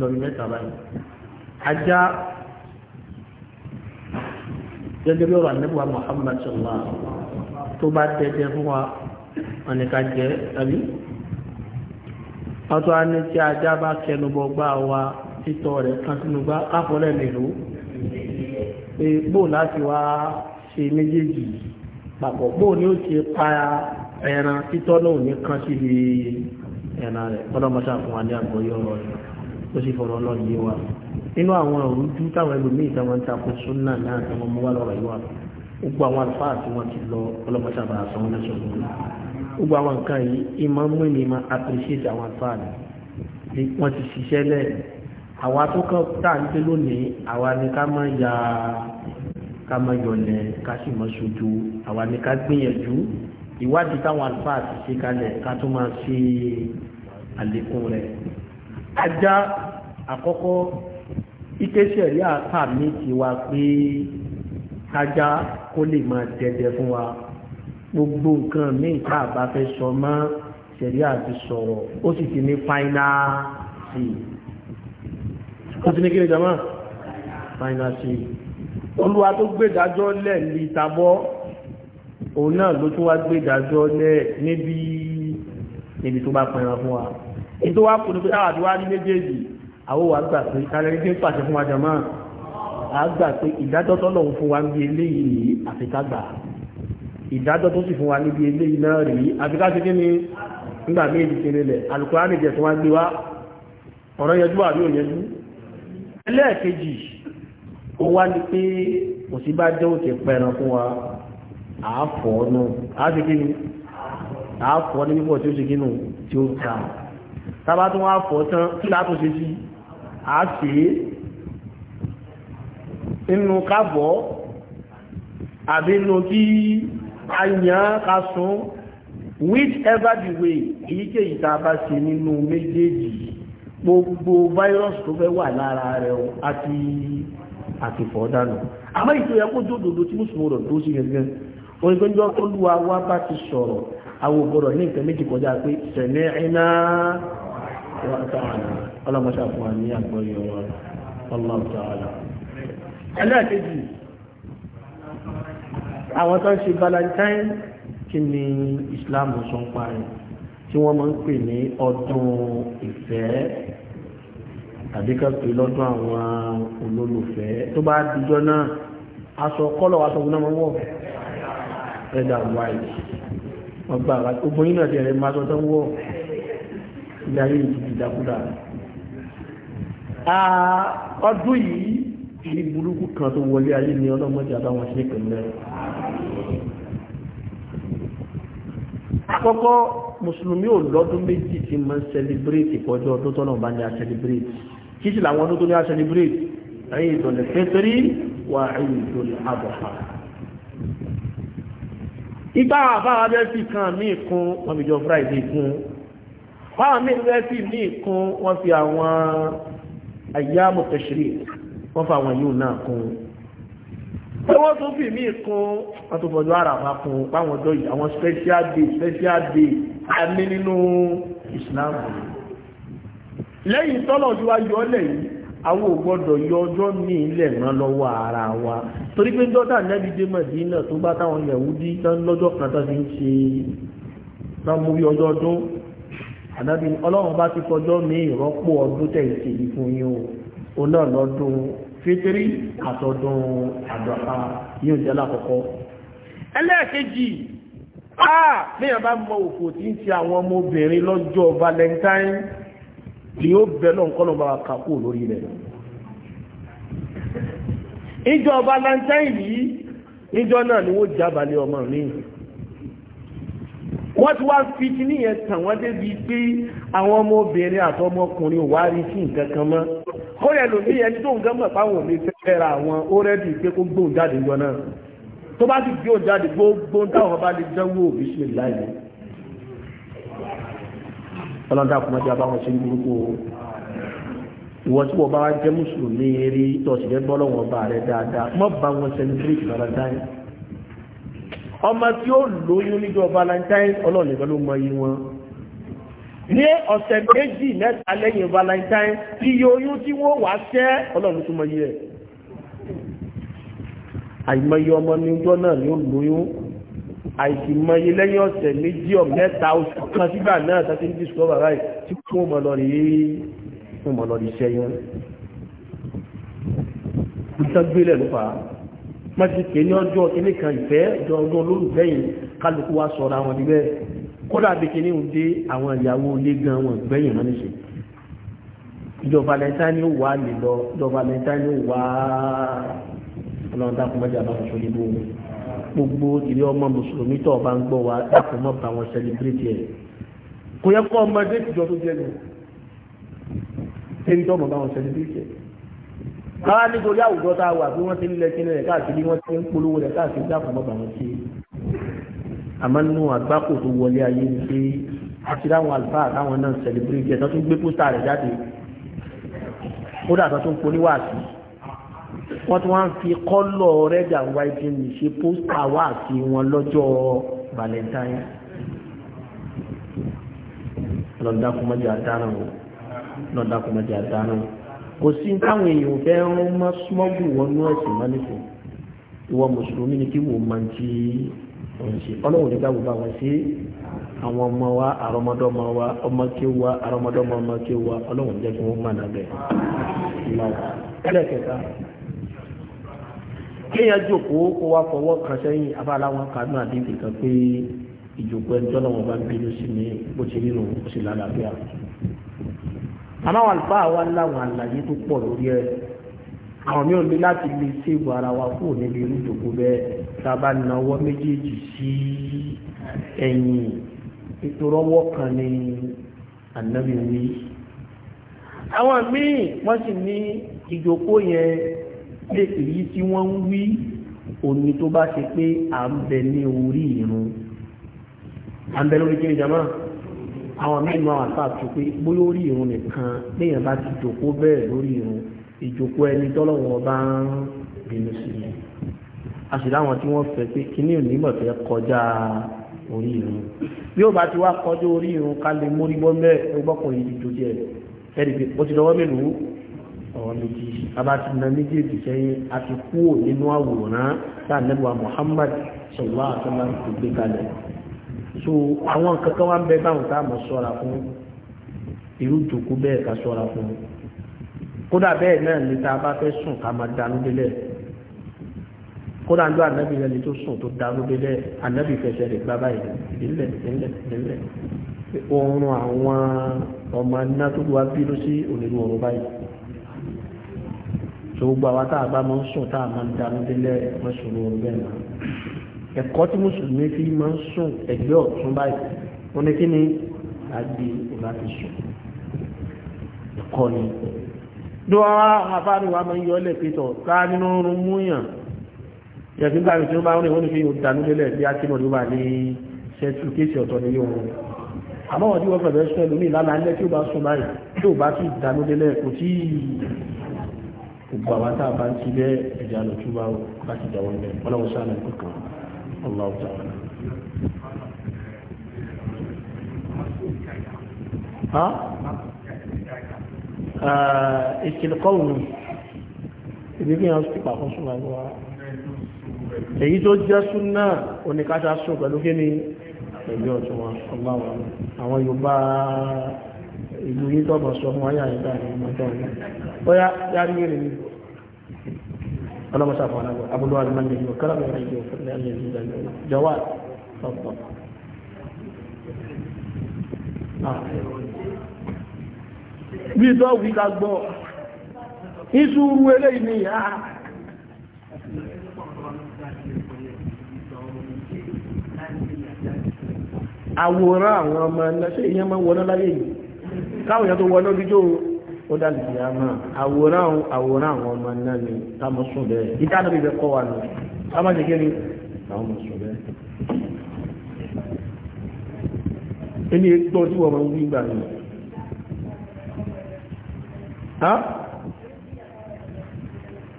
lọ ní mẹ́ta báyìí ajá gẹ́gẹ́ bí ọ̀rọ̀ àdébùwà Muhammad sọ̀rọ̀ tó bá tẹ́tẹ́ fún wa ọ̀nìkà jẹ́ tàbí ọ̀tọ̀ á ní tí ajá bá kẹnubọ gbá wa títọ́ rẹ̀ kan sínú gbá káfọ́lẹ̀ nìlú èèpò láti wá ṣe méjèèjì papọ̀ bó ni ó ti pa ẹran títọ́ náà ní kan síbi ẹran rẹ̀ kọ́lọ́mọṣà fún wa ní àgbọ̀yọ́ rẹ̀ ó sì fọ̀rọ̀ náà yé wa nínú àwọn òrújú táwọn ẹlòmíì táwọn ń takò súnà náà táwọn mú lọ́rọ̀ yìí wa gbogbo àwọn àlùfáà tí wọ́n ti lọ ọlọ́mọṣàbà àsanwó lẹ́sọ̀ lórí gbogbo àwọn nǹkan yìí ìmọ̀ mú ni ma appreciate àwọn àlùfáà ni wọ́n ti ṣiṣẹ́ lẹ̀ àwa tó kàn tá à ń pé lónìí àwa ni ká máa ya ká máa yọlẹ̀ ká sì máa ṣojú àwa ni ká gbìyànjú ìwádìí táwọn àlùfáà ti ṣe kalẹ̀ ká tó ajá àkọ́kọ́ ìkéṣẹ̀ rí àtà mi ti wá pé ajá kó lè máa dẹ́dẹ́ fún wa gbogbo nǹkan míì tá a bá fẹ́ sọ mọ́ ṣẹ̀rí àti sọ̀rọ̀ ó sì ti ní final sí ó ti ní kí ni jama final sí olúwa tó gbèdájọ́ lẹ̀ ní ìtabọ́ òun náà ló tún wá gbèdájọ́ lẹ̀ níbi níbi tó bá pẹran fún wa. ètò wa kò ní pé àwọn àdúrà ní méjèèjì àwọn wa gbà pé kálẹ́rí tí ń pàṣẹ fún wa a gbà pé ìdájọ́ tó fún wa ń bi eléyìí ní àfikà gbà ìdájọ́ tó sì fún wa níbi eléyìí náà nígbà méjì lẹ̀ tó wá gbé wá ọ̀rọ̀ yẹjú wà ní òyẹjú ẹlẹ́ẹ̀kejì ó wá ní pé kò sí bá jẹ́ òkè fún wa náà ní pípọ̀ tí ó tí ó tàbá tó wá fọ̀ tán kí látò ṣe sí a ṣe é nínú kábọ̀ àbí nínú kí a yàn ká sún whichever the way èyíkéyìí tá a bá ṣe nínú méjèèjì gbogbo virus tó fẹ́ wà lára rẹ̀ àti àtìfọ́ dànù àmọ́ ìtò yẹ kó jódòdó tí mùsùlùmí rọ̀ tó sí gẹ́gẹ́ orin tó ń jọ tó lúwa wá bá ti sọ̀rọ̀ àwọn ògbọ́dọ̀ ní nǹkan méjì kọjá pé sẹ̀mẹ́ iná ta'ala ọlọ́mọṣà fún wa ní àgbọ̀yé wọn Allahu ta'ala. ẹlẹ́ẹ̀kejì àwọn tó ń ṣe valentine kí ni Islam sọ ń parí tí wọ́n máa ń pè ní ọdún ìfẹ́ tàbí ká pè lọ́dún àwọn olólùfẹ́ tó bá dijọ́ náà aṣọ kọ́lọ̀ aṣọ òun náà máa ń wọ̀ red and white ọgbà obìnrin náà ti ẹ̀rẹ̀ máa sọ tó ń wọ̀ ilé ayé ìdìdì dákúdà ọdún yìí ní burúkú kan tó wọlé ayé ni ọlọ́mọdé àtàwọn ṣe pẹ̀lẹ́ àkọ́kọ́ mùsùlùmí ò lọ́dún méjì tí máa ń sẹlẹ̀bírètì pọ̀jọ́ ọdún tọ́nà bá ní a sẹlẹ̀bírètì kí sì làwọn ọdún tó ní a sẹlẹ̀bírètì ẹ̀yìn ìdọ̀lẹ̀ fẹ́tẹ́rí wà ẹ̀yìn ìdọ̀lẹ̀ àbọ̀fà ìgbà àbáwá bẹ́ẹ̀ kan míì kún ọmọdé friday kún fáwọn mẹ́rin sí ní ìkún wọ́n fi àwọn ayyamu tashriq wọ́n fa àwọn yóò náà kún pé wọ́n tún fi mí kún wọ́n tún fọjọ́ àràfà kún páwọn ọjọ́ yìí àwọn special day special day àmì nínú Islam lẹ́yìn tọ́lọ̀ tí wá yọ ọ́lẹ̀ yìí àwọn ò gbọ́dọ̀ yọ ọjọ́ ní ilẹ̀ ràn lọ́wọ́ ara wa torí pé dọ́tà nẹ́bí dé Mẹ̀dínà tó bá táwọn Yẹ̀wúdí tán lọ́jọ́ kan tán fi ń ṣe tán mú bí ọjọ́ ọdún ànábì ọlọ́run bá ti kọjọ́ mi ìrọ́pò ọdún tẹ̀sí ìfún yín o náà lọ́dún fitiri àtọ̀dún àdọ́fà yóò jẹ́ lákọ̀ọ́kọ́. ẹlẹ́ẹ̀kejì áà léèyàn bá mọ òfò tí ń ti àwọn ọmọbìnrin lọ́jọ́ valentine ni ó bẹ náà nǹkan náà bá kàkó lórí rẹ̀. ìjọ valentine yìí níjọ náà ni wọ́n jábàlẹ̀ ọmọ mi wọ́n ti wá fi kí ní yẹn tàn wọ́n débi pé àwọn ọmọbìnrin àtọmọkùnrin ò wá rí sí nǹkan kan mọ́ kó yẹ lòmí ẹni tó nǹkan mọ̀ fáwọn òní fẹ́ ra àwọn ó rẹ́dì pé kó gbóhùn jáde yọ náà tó bá sì gbóhùn jáde gbóhùn táwọn bá lè dánwò òbí ṣe láìlẹ́ ọlọ́dà kùmọ́jú abáwọn ṣe ń burúkú ìwọ tí wọ́n bá jẹ́ mùsùlùmí rí tọ̀sílẹ̀ bọ́lọ́wọ́n bá rẹ̀ dáadáa mọ́ bá wọn sẹ́ńtírì ọmọ tí ó lóyún níjọ valentine ọlọ́ọ̀lẹ́ ló mọ iye wọn ní ọ̀sẹ̀ méjì mẹ́ta lẹ́yìn valentine iye oyún tí wọ́n wá ṣẹ́ ọlọ́ọ̀lẹ́ tó mọ iye ẹ̀ àìmọye ọmọ níjọ náà ni ó lóyún àìsìmọye lẹ́yìn ọ̀sẹ̀ méjì mẹ́ta oṣù kan sígbà náà tá ti ń discover right tí wọ́n mọ̀ lọ rèé wọ́n lọ rèé ṣẹ́yún ìtàn gbélé ló fà á mọ́síkè ní ọjọ́ kìíní kan ìfẹ́ ọjọ́ ọjọ́ olólùfẹ́ yìí kálukú wa sọ̀rọ̀ àwọn níbẹ̀ kódà bí kìíní ń dé àwọn ìyàwó ilé gan wọn gbẹ̀yìn wọn níṣẹ́ ìjọ valentine wà lè lọ ìjọ valentine wà ọlọ́run dákun mọ́jà bá wọn sọ́lé bó gbogbo ìrí ọmọ mùsùlùmí tó bá ń gbọ́ wa dákun mọ́ bá wọn celebrate ẹ̀ kò yẹ kó ọmọdé ìjọ tó jẹ́ nù ẹni tó mọ̀ bá wọn celebrate ẹ̀ káwá nítorí àwùjọ tá a wà bí wọ́n ti ń lẹ kí rẹ̀ káàkiri wọ́n ti ń polówó rẹ̀ káàkiri dákun bàbá wọn ṣe àmọ́ nínú àgbákò tó wọlé ayé ni pé àti láwọn àlùfáà káwọn náà sẹlẹbírìtì ẹ̀tọ́ tó ń gbé pósítà rẹ̀ jáde kódà tó ń poni wáàsí wọ́n tún wá ń fi kọ́lọ̀ rẹ́dà wáìtì ní ṣe pósítà wáàsí wọn lọ́jọ́ valentine lọ́dàkùnmọ́jà dáná wọn lọ́dàkùnmọ́jà dáná wọn kò sí táwọn èèyàn fẹ́ ń mọ́ smọ́gù wọnú ẹ̀sìn mọ́ nípò ìwọ mùsùlùmí ni kí wò máa ń ti òun ṣe ọlọ́run nígbà wo bá wọn ṣe àwọn ọmọ wa àrọmọdọ́mọ wa ọmọ kí wa àrọmọdọ́mọ ọmọ kí wa ọlọ́run jẹ́ kí wọ́n máa nà bẹ́ẹ̀. ẹlẹ́kẹta kéèyàn jókòó kó wá fọwọ́ kan sẹ́yìn abala wọn kanú àdéhùn kan pé ìjókòó ẹni tọ́lọ́wọ́n bá ń bínú sí mi bó ti rí àmáwọn àlùfáà wa láwọn àlàyé tó pọ̀ lórí ẹ̀ àwọn mí ò ní láti lè ṣe ìbò ara wa kúrò níbi irú ìjòkó bẹ́ẹ̀ tá a bá nawọ́ méjèèjì sí ẹ̀yìn ìtòrọ́wọ́ kan ní ànábì wí. àwọn míì wọ́n sì ní ìjòkó yẹn lè èyí tí wọ́n ń wí òní tó bá ṣe pé à ń bẹ ní orí ìrun à ń bẹ lórí kí ni jàmáà àwọn míì máa wà sáà tó pé bóyá orí irun nìkan léèyàn bá ti jòkó bẹ́ẹ̀ lórí irun ìjòkó ẹni tọ́lọ́wọ́n bá ń bínú sí i a sì láwọn tí wọ́n fẹ́ pé kíní ò nímọ̀ fẹ́ kọjá orí irun bí ó bá ti wá kọjá orí irun ká lè mórí bọ́ mẹ́ ọgbọ́kùnrin ìdìjọ jẹ ẹni pé ó ti lọ́wọ́ mélòó ọ̀rọ̀ méjì abá ti na méjèèjì sẹ́yìn a ti kúrò nínú àwòrán tá a nẹ́bùwà Muhammad sọ̀rọ̀ àtọ́lá tó gbé kalẹ̀ so àwọn nǹkan kan ń bẹ báwọn tá a mọ̀ sọ́ra fún irú ìjòkó bẹ́ẹ̀ ká sọ́ra fún kódà bẹ́ẹ̀ náà ní tá a bá fẹ́ sùn ká máa dànù délẹ̀ kódà ń lọ ànábì rẹ ní tó sùn tó dànù délẹ̀ ànábì fẹsẹ̀ rẹ̀ gbá báyìí nílẹ̀ nílẹ̀ nílẹ̀ oorun àwọn ọmọ iná tó wá bínú sí onírú ọ̀rọ̀ báyìí so gbogbo àwọn tá a bá máa ń sùn tá a máa ń dànù délẹ̀ mọ́sùn lóorun bẹ́ẹ̀ náà ẹ̀kọ́ tí mùsùlùmí fi máa ń sùn ẹgbẹ́ ọ̀tún báyìí wọ́n ní kí ni àgbè ìbáfi sùn ẹ̀kọ́ ni. dúwọ́n afáríwá máa ń yọ ọ́lẹ̀ pétọ̀ ká nínú oorun múyàn yẹ̀sí ń báyìí tí ó bá ń rìn wọ́n ní fi dànù lélẹ̀ bí akínú ló wà ní ṣẹ́tù kéèsì ọ̀tọ̀ ní yóò wọn. àmọ́ wọ́n tí wọ́n fẹ̀rẹ̀ sọ ẹlòmíì lánàá ilé tí ó bá sùn báyìí tí ó bá sì dànù lélẹ̀ kò tí gbogbo tá a bá ń ti bẹ́ ẹ̀jẹ̀ àlòtúbà ó bá ti dà wọ́n lẹ̀ ọlọ́run sáà Allahu ta'ala. ha ìkìlìkọ́ òun ìbí bí wọ́n ti pàkọ́ súnmọ́ ẹgbẹ́ wa èyí tó jẹ́ súnà oníkájá sùn pẹ̀lú kí ni pẹ̀lú ọ̀tún wa ọláwà àwọn yorùbá ìlú yìí tọ́bọ̀ sọ fún wáyà ìgbà ìgbà ìgbà ìgbà أنا ما شاف أنا أبو الوالد من يجي وكلام يجي وفضل أن يزيد جواد تفضل bí tó wí ká gbọ́ ìṣúrú eléyìí ni àà àwòrán àwọn ọmọ ẹ̀lẹ́ṣẹ́ ìyẹn máa wọná láyé yìí káwọn tó wọná bí jó ó dàbí ìyáàmà àwòrán àwòrán àwọn ọmọ náà ni ká mọ sùn bẹ́ẹ̀ ìdá níbi bẹ kọ wa nù ká má ṣe kéde àwọn ọmọ sùn bẹ́ẹ̀. ẹni gbọ́ tí wọ́n máa ń wí gbà nù.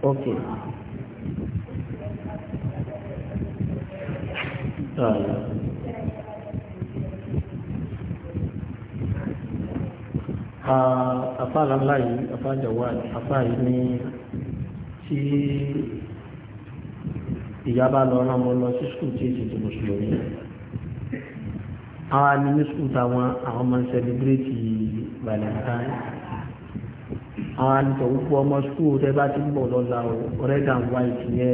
ok. Uh, àfáàlà ńlá yìí àfáàjàwà àfáà yìí ní tí ìyá bá lọ rán wọn lọ sí skul tí èsì ti mùsùlùmí àwọn àmì ní skul táwọn àwọn máa ń sẹlẹbírẹ́tì valentine àwọn àtọ̀ púpọ̀ ọmọ skul tẹ́ bá ti ń bọ̀ lọ́la ọ̀rẹ́ dàn white yẹ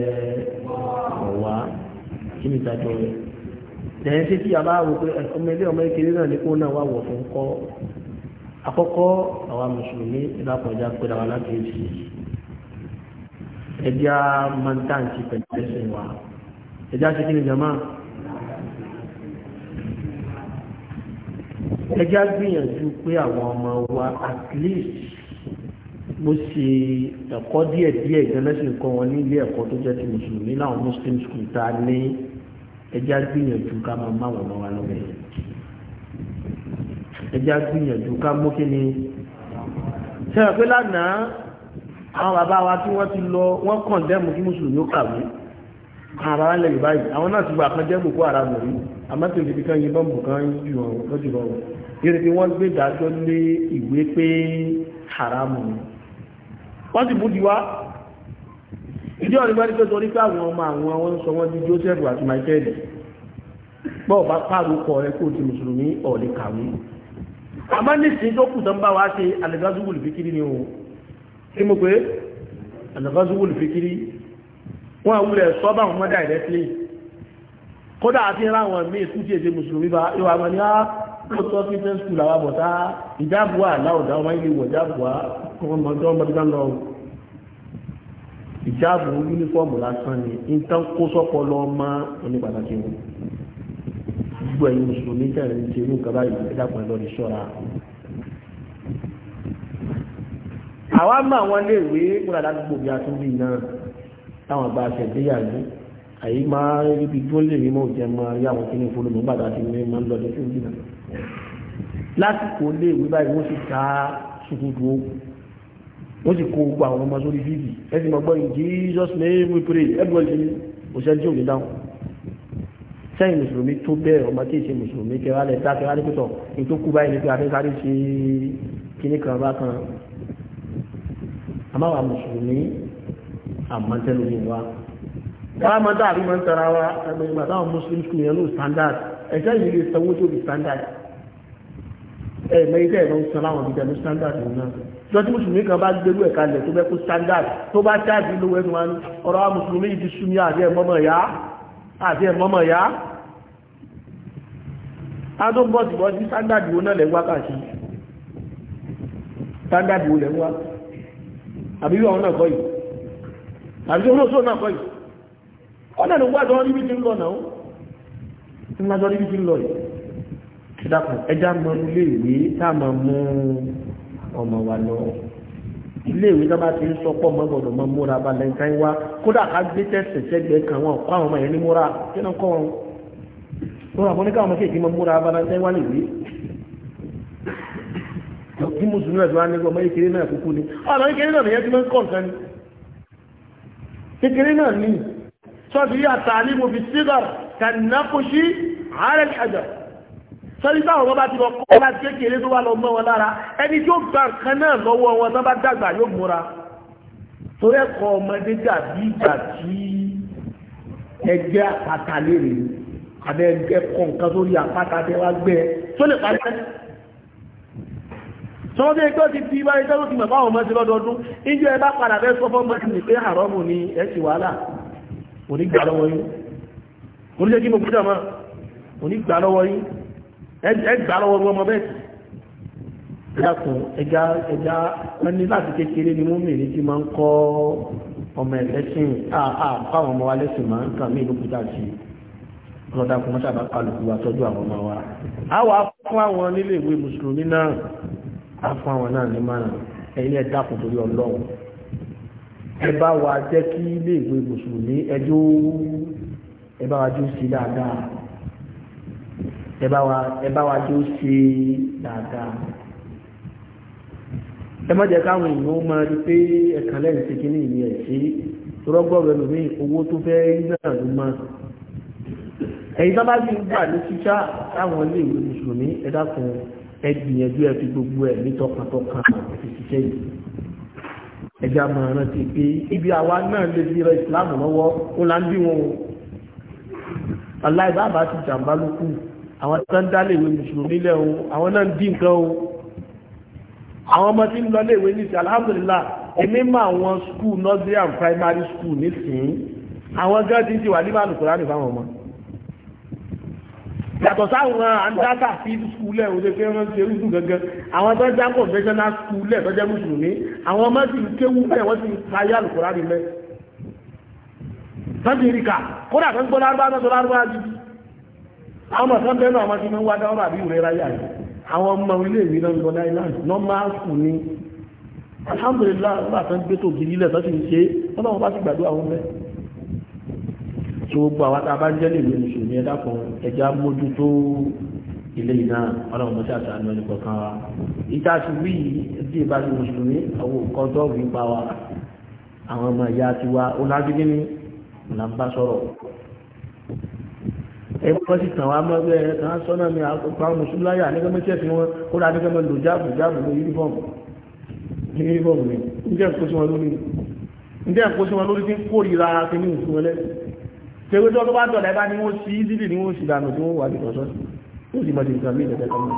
ọ̀wá kí ni ìdájọ́ rẹ̀ lẹ́yìn tí kí wò pé ọmọ ilé ọmọ ìkéré náà ní kó náà wà wọ̀ fún kọ́ àkọ́kọ́ àwa mùsùlùmí ìdákọjá pẹ̀lú àwọn alákèéjì ẹbí a máa ń tàǹtì pẹ̀lú ẹsẹ̀ wa ẹbí a ti kí ni jama ẹbí a gbìyànjú pé àwọn ọmọ wa at least mo ṣe ẹ̀kọ́ díẹ̀ díẹ̀ ìgbẹ́lẹ́sìn kan wọn ní ilé ẹ̀kọ́ tó jẹ́ ti mùsùlùmí láwọn muslim school ta ní ẹbí a gbìyànjú ká máa máa wọ̀ lọ́wọ́ lọ́wọ́ ẹjá gbìyànjú ká mú kí ni ṣẹ́yà pé lánàá àwọn bàbá wa tí wọ́n ti lọ wọ́n kàn dẹ́mu kí mùsùlùmí ó kàwé àwọn bàbá lẹ̀ yìí báyìí àwọn náà ti gba àkànjẹ́ gbogbo ara mọ̀ rí àmọ́ ìdíbi kan yìnbọn bò kan jù wọn lójú bọ̀ wọn yìí ni wọ́n gbé ìdájọ́ lé ìwé pé haramu ni wọ́n sì búdi wá ìdí ọ̀rẹ́ bá ní pé torí pé àwọn ọmọ àwọn àwọn sọ wọ́n di Joseph àti Michael bọ́ọ̀ bá pàrọ̀ kọ̀ rẹ kó ti mùsùlùmí ọ̀lẹ́ kàwé àmọ́ nísìnyí tó kù tó ń bá wa ṣe alẹ́gbàzúwòlù fikiri ni o kí mo pé alẹ́gbàzúwòlù fikiri wọ́n àwúlẹ̀ sọ́bà wọn directly kódà àti ráwọn míì tún tí èdè mùsùlùmí bá ìwà ah, àwọn ní àkótọ́ christian school àwọn bọ̀tá ìjábùwà aláwọ̀dá ọmọ ilé ìwọ̀ ìjábùwà ọmọdé ọmọdé lọ ìjábù uniform lásán ni ìtàn kó sọ́pọ̀ lọ ọmọ onípàtàkì wọn gbogbo ẹ̀yin mùsùlùmí tẹ̀lé ń ṣe irú nǹkan báyìí ẹ dákun ẹ lọ rí ṣọ́ra. àwa mọ àwọn iléèwé kúrò aládùúgbò bí a tún bí náà táwọn bá aṣẹ ìgbéyàwó àyè máa ibi tó lè rí mọ òjẹ máa rí àwọn kíní ìfowópamọ́ gbàdá ti ní máa ń lọ ní fún ìdìbò. lásìkò iléèwé báyìí wọ́n sì ta ṣùkùdù ogun wọ́n sì kó gbogbo àwọn ọmọ sórí fídì ẹ ti in Jesus name we pray everybody òṣèlú òní dáhùn sẹ́yìn mùsùlùmí tó bẹ́ẹ̀ ọmọ tí ì ṣe mùsùlùmí kẹwàálẹ̀ tá kẹwàálẹ̀ pẹ̀tọ̀ ètò kú báyìí ní pé afẹ́sáré ṣe kíní kan bá kan àmáwà mùsùlùmí àmọ́tẹ́lómi wa wọ́n máa dá àrí máa ń tara wa ẹgbẹ̀rún ìgbà táwọn muslim school yẹn ló standard ẹ̀ṣẹ́ yìí lè sanwó tó di standard ẹ̀ mẹ́rin tẹ́ ẹ̀ lọ́n san láwọn ìdíjẹ́ ló standard yìí náà lọ́tí mùsùlùmí kan bá gbérú ẹ̀ka lẹ̀ tó bẹ́ kó standard tó bá ṣáàbì lówó ẹnu wa ọ̀rọ̀ wa mùsùlùmí yìí ti súnmí àti ẹ̀ mọ́mọ̀ yá àti ẹ̀ mọ́mọ̀ yá adó bọ́ọ̀sì bọ́ sí sáńdàdì wo náà lẹ́ wá káàkiri sáńdàdì wo lẹ́ wá àbí wọn náà kọ́ yìí àbí wọn sọ náà kọ́ yìí ọ̀nà ló wá lọ́wọ́ níbi tí ń lọ náà ń lọ níbi tí ń lọ yìí ṣe dàpọ̀ ẹja mọ ilé ìwé tá a máa mú ọmọ wa lọ ilé ìwé náà bá ti ń sọ pọ̀ mọ́ gbọ́dọ̀ mọ́ múra balẹ̀ ń ká ń wá kódà ká gbé tẹ̀sẹ̀ sẹ́gbẹ̀ẹ́ kan wọn kọ́ àwọn ọmọ yẹn ní múra kí náà kọ́ wọn tó rà fúnikà ọmọ kéèké mọ múra abala ẹ wá lè wí kí mùsùlùmí ẹ̀sùn wá ní ọmọ ìkéré náà kúkú ni ọ̀nà ìkéré náà nìyẹn ti máa ń kọ̀ nǹkan ni ìkéré náà ní sọ́ọ̀tì yìí àtàlí mo fi sídọ̀r kànáfóṣí àárẹ̀ àjà sọ́ọ̀tì táwọn ọmọ bá ti lọ kọ́ láti kékeré tó wà lọ mọ́ wọn lára ẹni tó gba nǹkan náà lọ́wọ́ wọn tó bá dàgbà yóò múra torí ẹ̀kọ́ ọmọdé dàbí ìgbà tí ẹgbẹ́ àtàlérè ni àbẹ́ ẹ̀kọ́ nǹkan sórí àpáta tẹ́ wá gbẹ́ tó lè parí ẹ́ sọ́dọ̀ ẹgbẹ́ ti fi bá ẹgbẹ́ ló ti mọ̀ báwọn ọmọ sí lọ́dọọdún ìjọ ẹ bá padà bẹ́ sọ fọ́mọ sí pé àrọ́mù ni ẹ sì wàhálà onígbà lọ́wọ́ yín oníṣẹ́ kí mo gbúdọ̀ mọ́ onígbà lọ́wọ́ yín ẹ gbà lọ́wọ́ ọmọ bẹ́ẹ̀ dákun ẹja ẹja wọn ní láti kékeré ni wọn mèrè tí máa ń àà fáwọn ọmọ wa máa ń kàn mí ìlú kúta sí i lọ́dá kún mọ́ta bá kálùkù wa tọ́jú àwọn ọmọ wa a wà fún àwọn nílé ìwé mùsùlùmí náà a fún àwọn náà ní márùn ẹ̀yìn ẹ̀dá kò torí ọlọ́run ẹ bá wa jẹ́ kí ilé ìwé mùsùlùmí ẹjọ́ ẹ bá wa jẹ́ ó ṣe dáadáa ẹ bá wa jẹ́ ó ṣe dáadáa ẹ má jẹ́ káwọn èèyàn ó máa rí pé ẹ̀kan lẹ́yìn ṣe kí ní ìyẹn sí rọ́gbọ́n rẹ̀ lómi owó tó fẹ́ náà ló máa ẹ̀yìn tó bá sì ń gbà ní ṣíṣá táwọn ilé ìwé mùsùlùmí ẹ dákun ẹ gbìyànjú ẹ fi gbogbo ẹ̀ ní tọkàntọkàn àti ṣiṣẹ́ yìí ẹja máa rántí pé ibi àwa náà lè fi rọ ìsìláàmù lọ́wọ́ ó là ń bí wọn o aláìbáàbá ti jàǹbá ló kù àwọn tó ń dá léèwé mùsùlùmí lẹ̀ o àwọn náà ń dín nǹkan o àwọn ọmọ tí ń lọ léèwé ní ti alhamdulillah èmi mọ àwọn skul nursery and primary school nísìnyí àwọn gẹ́gẹ́ ti wà níbàlùkù láti fáwọn ọmọ yàtọ̀ sáwọn àndáta sí skúlẹ̀ òde pé wọ́n ṣe rúdùn gangan àwọn tó já conventional skúlẹ̀ tó jẹ́ mùsùlùmí àwọn ọmọ sì ń kéwú bẹ́ẹ̀ wọ́n sì ń parí àlùkòrá mi mẹ́ tọ́jú ìrìkà kódà tó ń gbọ́ lárúbá tó lárúbá jù àwọn ọmọ tó ń bẹ́ẹ̀ náà wọ́n ti ń wá dáwọ́ àbí ìwé ráyà yìí àwọn ọmọ ilé ìwé náà ń lọ náírà normal school ni alhamdulillah wọ́n bá fẹ́ gbé tó gidi lẹ̀ tó ti ń ṣe wọ́n bá wọn bá ti gbàdúrà wọn bẹ́ẹ̀ tó gbọ́ àwọn tá a bá ń jẹ́ lè lóyún ìṣòro yẹn dákun ẹja mójútó ilé iná ọlọ́run mọ́ṣẹ́ àtàánú ẹni kọ̀ọ̀kan wa ìta ti wí bí ìbá ti mùsùlùmí àwọn nǹkan tó rí pa wa àwọn ọmọ ìyá ti wa ọlágídí ni là ń bá sọ̀rọ̀ ẹ kọ́ sí tàn wá mọ́gbẹ́ ẹ kàn án sọ́nà mi àpá mùsùlùmí láyà nígbà mẹ́tẹ́ fi wọn kó ni ń tẹ̀wé tó bá tọ̀lẹ̀ bá ní wọ́n sí ìdílì ní wọ́n sì dànù tí wọ́n wà ní ọ̀sọ́ tó sì mọ̀tí nǹkan mìíràn tẹ́tẹ́ mọ́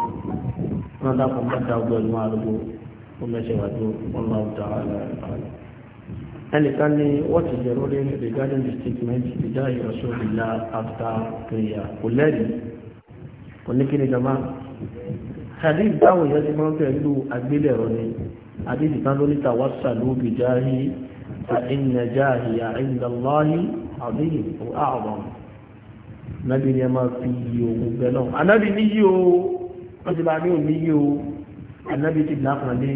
wọn dá fún mẹ́ta ọgbẹ́ ọdún arúgbó ó mẹ́sẹ̀ wà tó wọn máa ta ara rẹ̀ ẹnìkan ní what is the ruling regarding the statement ìdá ìrọ̀sọ́bìlá after prayer kan ló ní tàwásà ló bìjáhì fa inna jáhì ya inda àbíyè ó àrọ̀ nàbí ni ẹ máa fi iye owó bẹ náà ànábì ní yí o wọ́n ti bá ní òní yí o ànábì ti lápàdé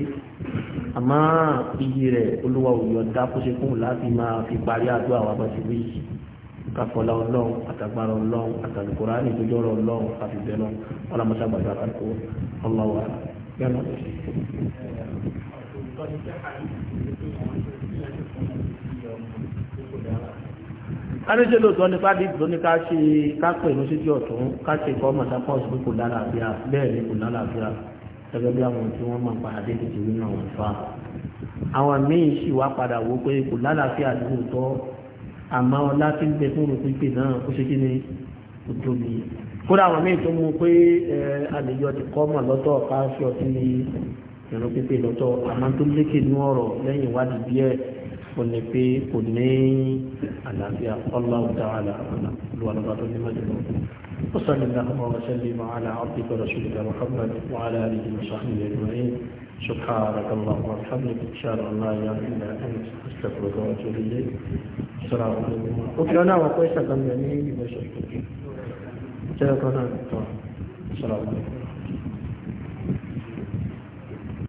àmọ́ iye rẹ̀ olúwa òyò dá kó ṣe fún láti máa fi parí àdúrà wa bá wí kakọla ọlọ́run àtàgbára ọlọ́run àtàlùkọ́rá ní ìdójọ́rọ̀ ọlọ́run àfìbẹ́ náà ọlọ́mọṣá gbàgbà àkàkọ́ ọlọ́wà yánà. aníṣẹ́ lóòótọ́ nípa dìbò ní ká ṣe kápẹ́ ìlú ọ̀tún ká ṣe kọ́ mọ̀sápọ̀sì kò lálàáfíà bẹ́ẹ̀ ni kò lálàáfíà gẹ́gẹ́ bí àwọn tí wọ́n máa ń padà dé tètè wí náà wọ́n fa àwọn míì sì wá padà wò pé kò lálàáfíà lóòótọ́ àmọ́ ọlá tí ń bẹ fún òrùn pípé náà ó ṣe kí ni kò tóbi kódà àwọn míì tó mú pé àlejò ti kọ́ mọ̀ lọ́tọ̀ ká fi ọtí ìrùn pípé lọ́tọ̀ àmọ́ tó lékè ní ọ̀rọ̀ lẹ́yìn ìwádìí díẹ̀ òní pé على ní àlàáfíà Allahu ta'ala àmàlà olùwàlọ́gbà tó ní وصل اللهم وسلم على عبدك ورسولك محمد وعلى اله وصحبه اجمعين سبحانك اللهم وبحمدك اشهد ان لا اله الا انت استغفرك واتوب اليك السلام عليكم وكلنا وكويسه كم يعني بشر كثير السلام عليكم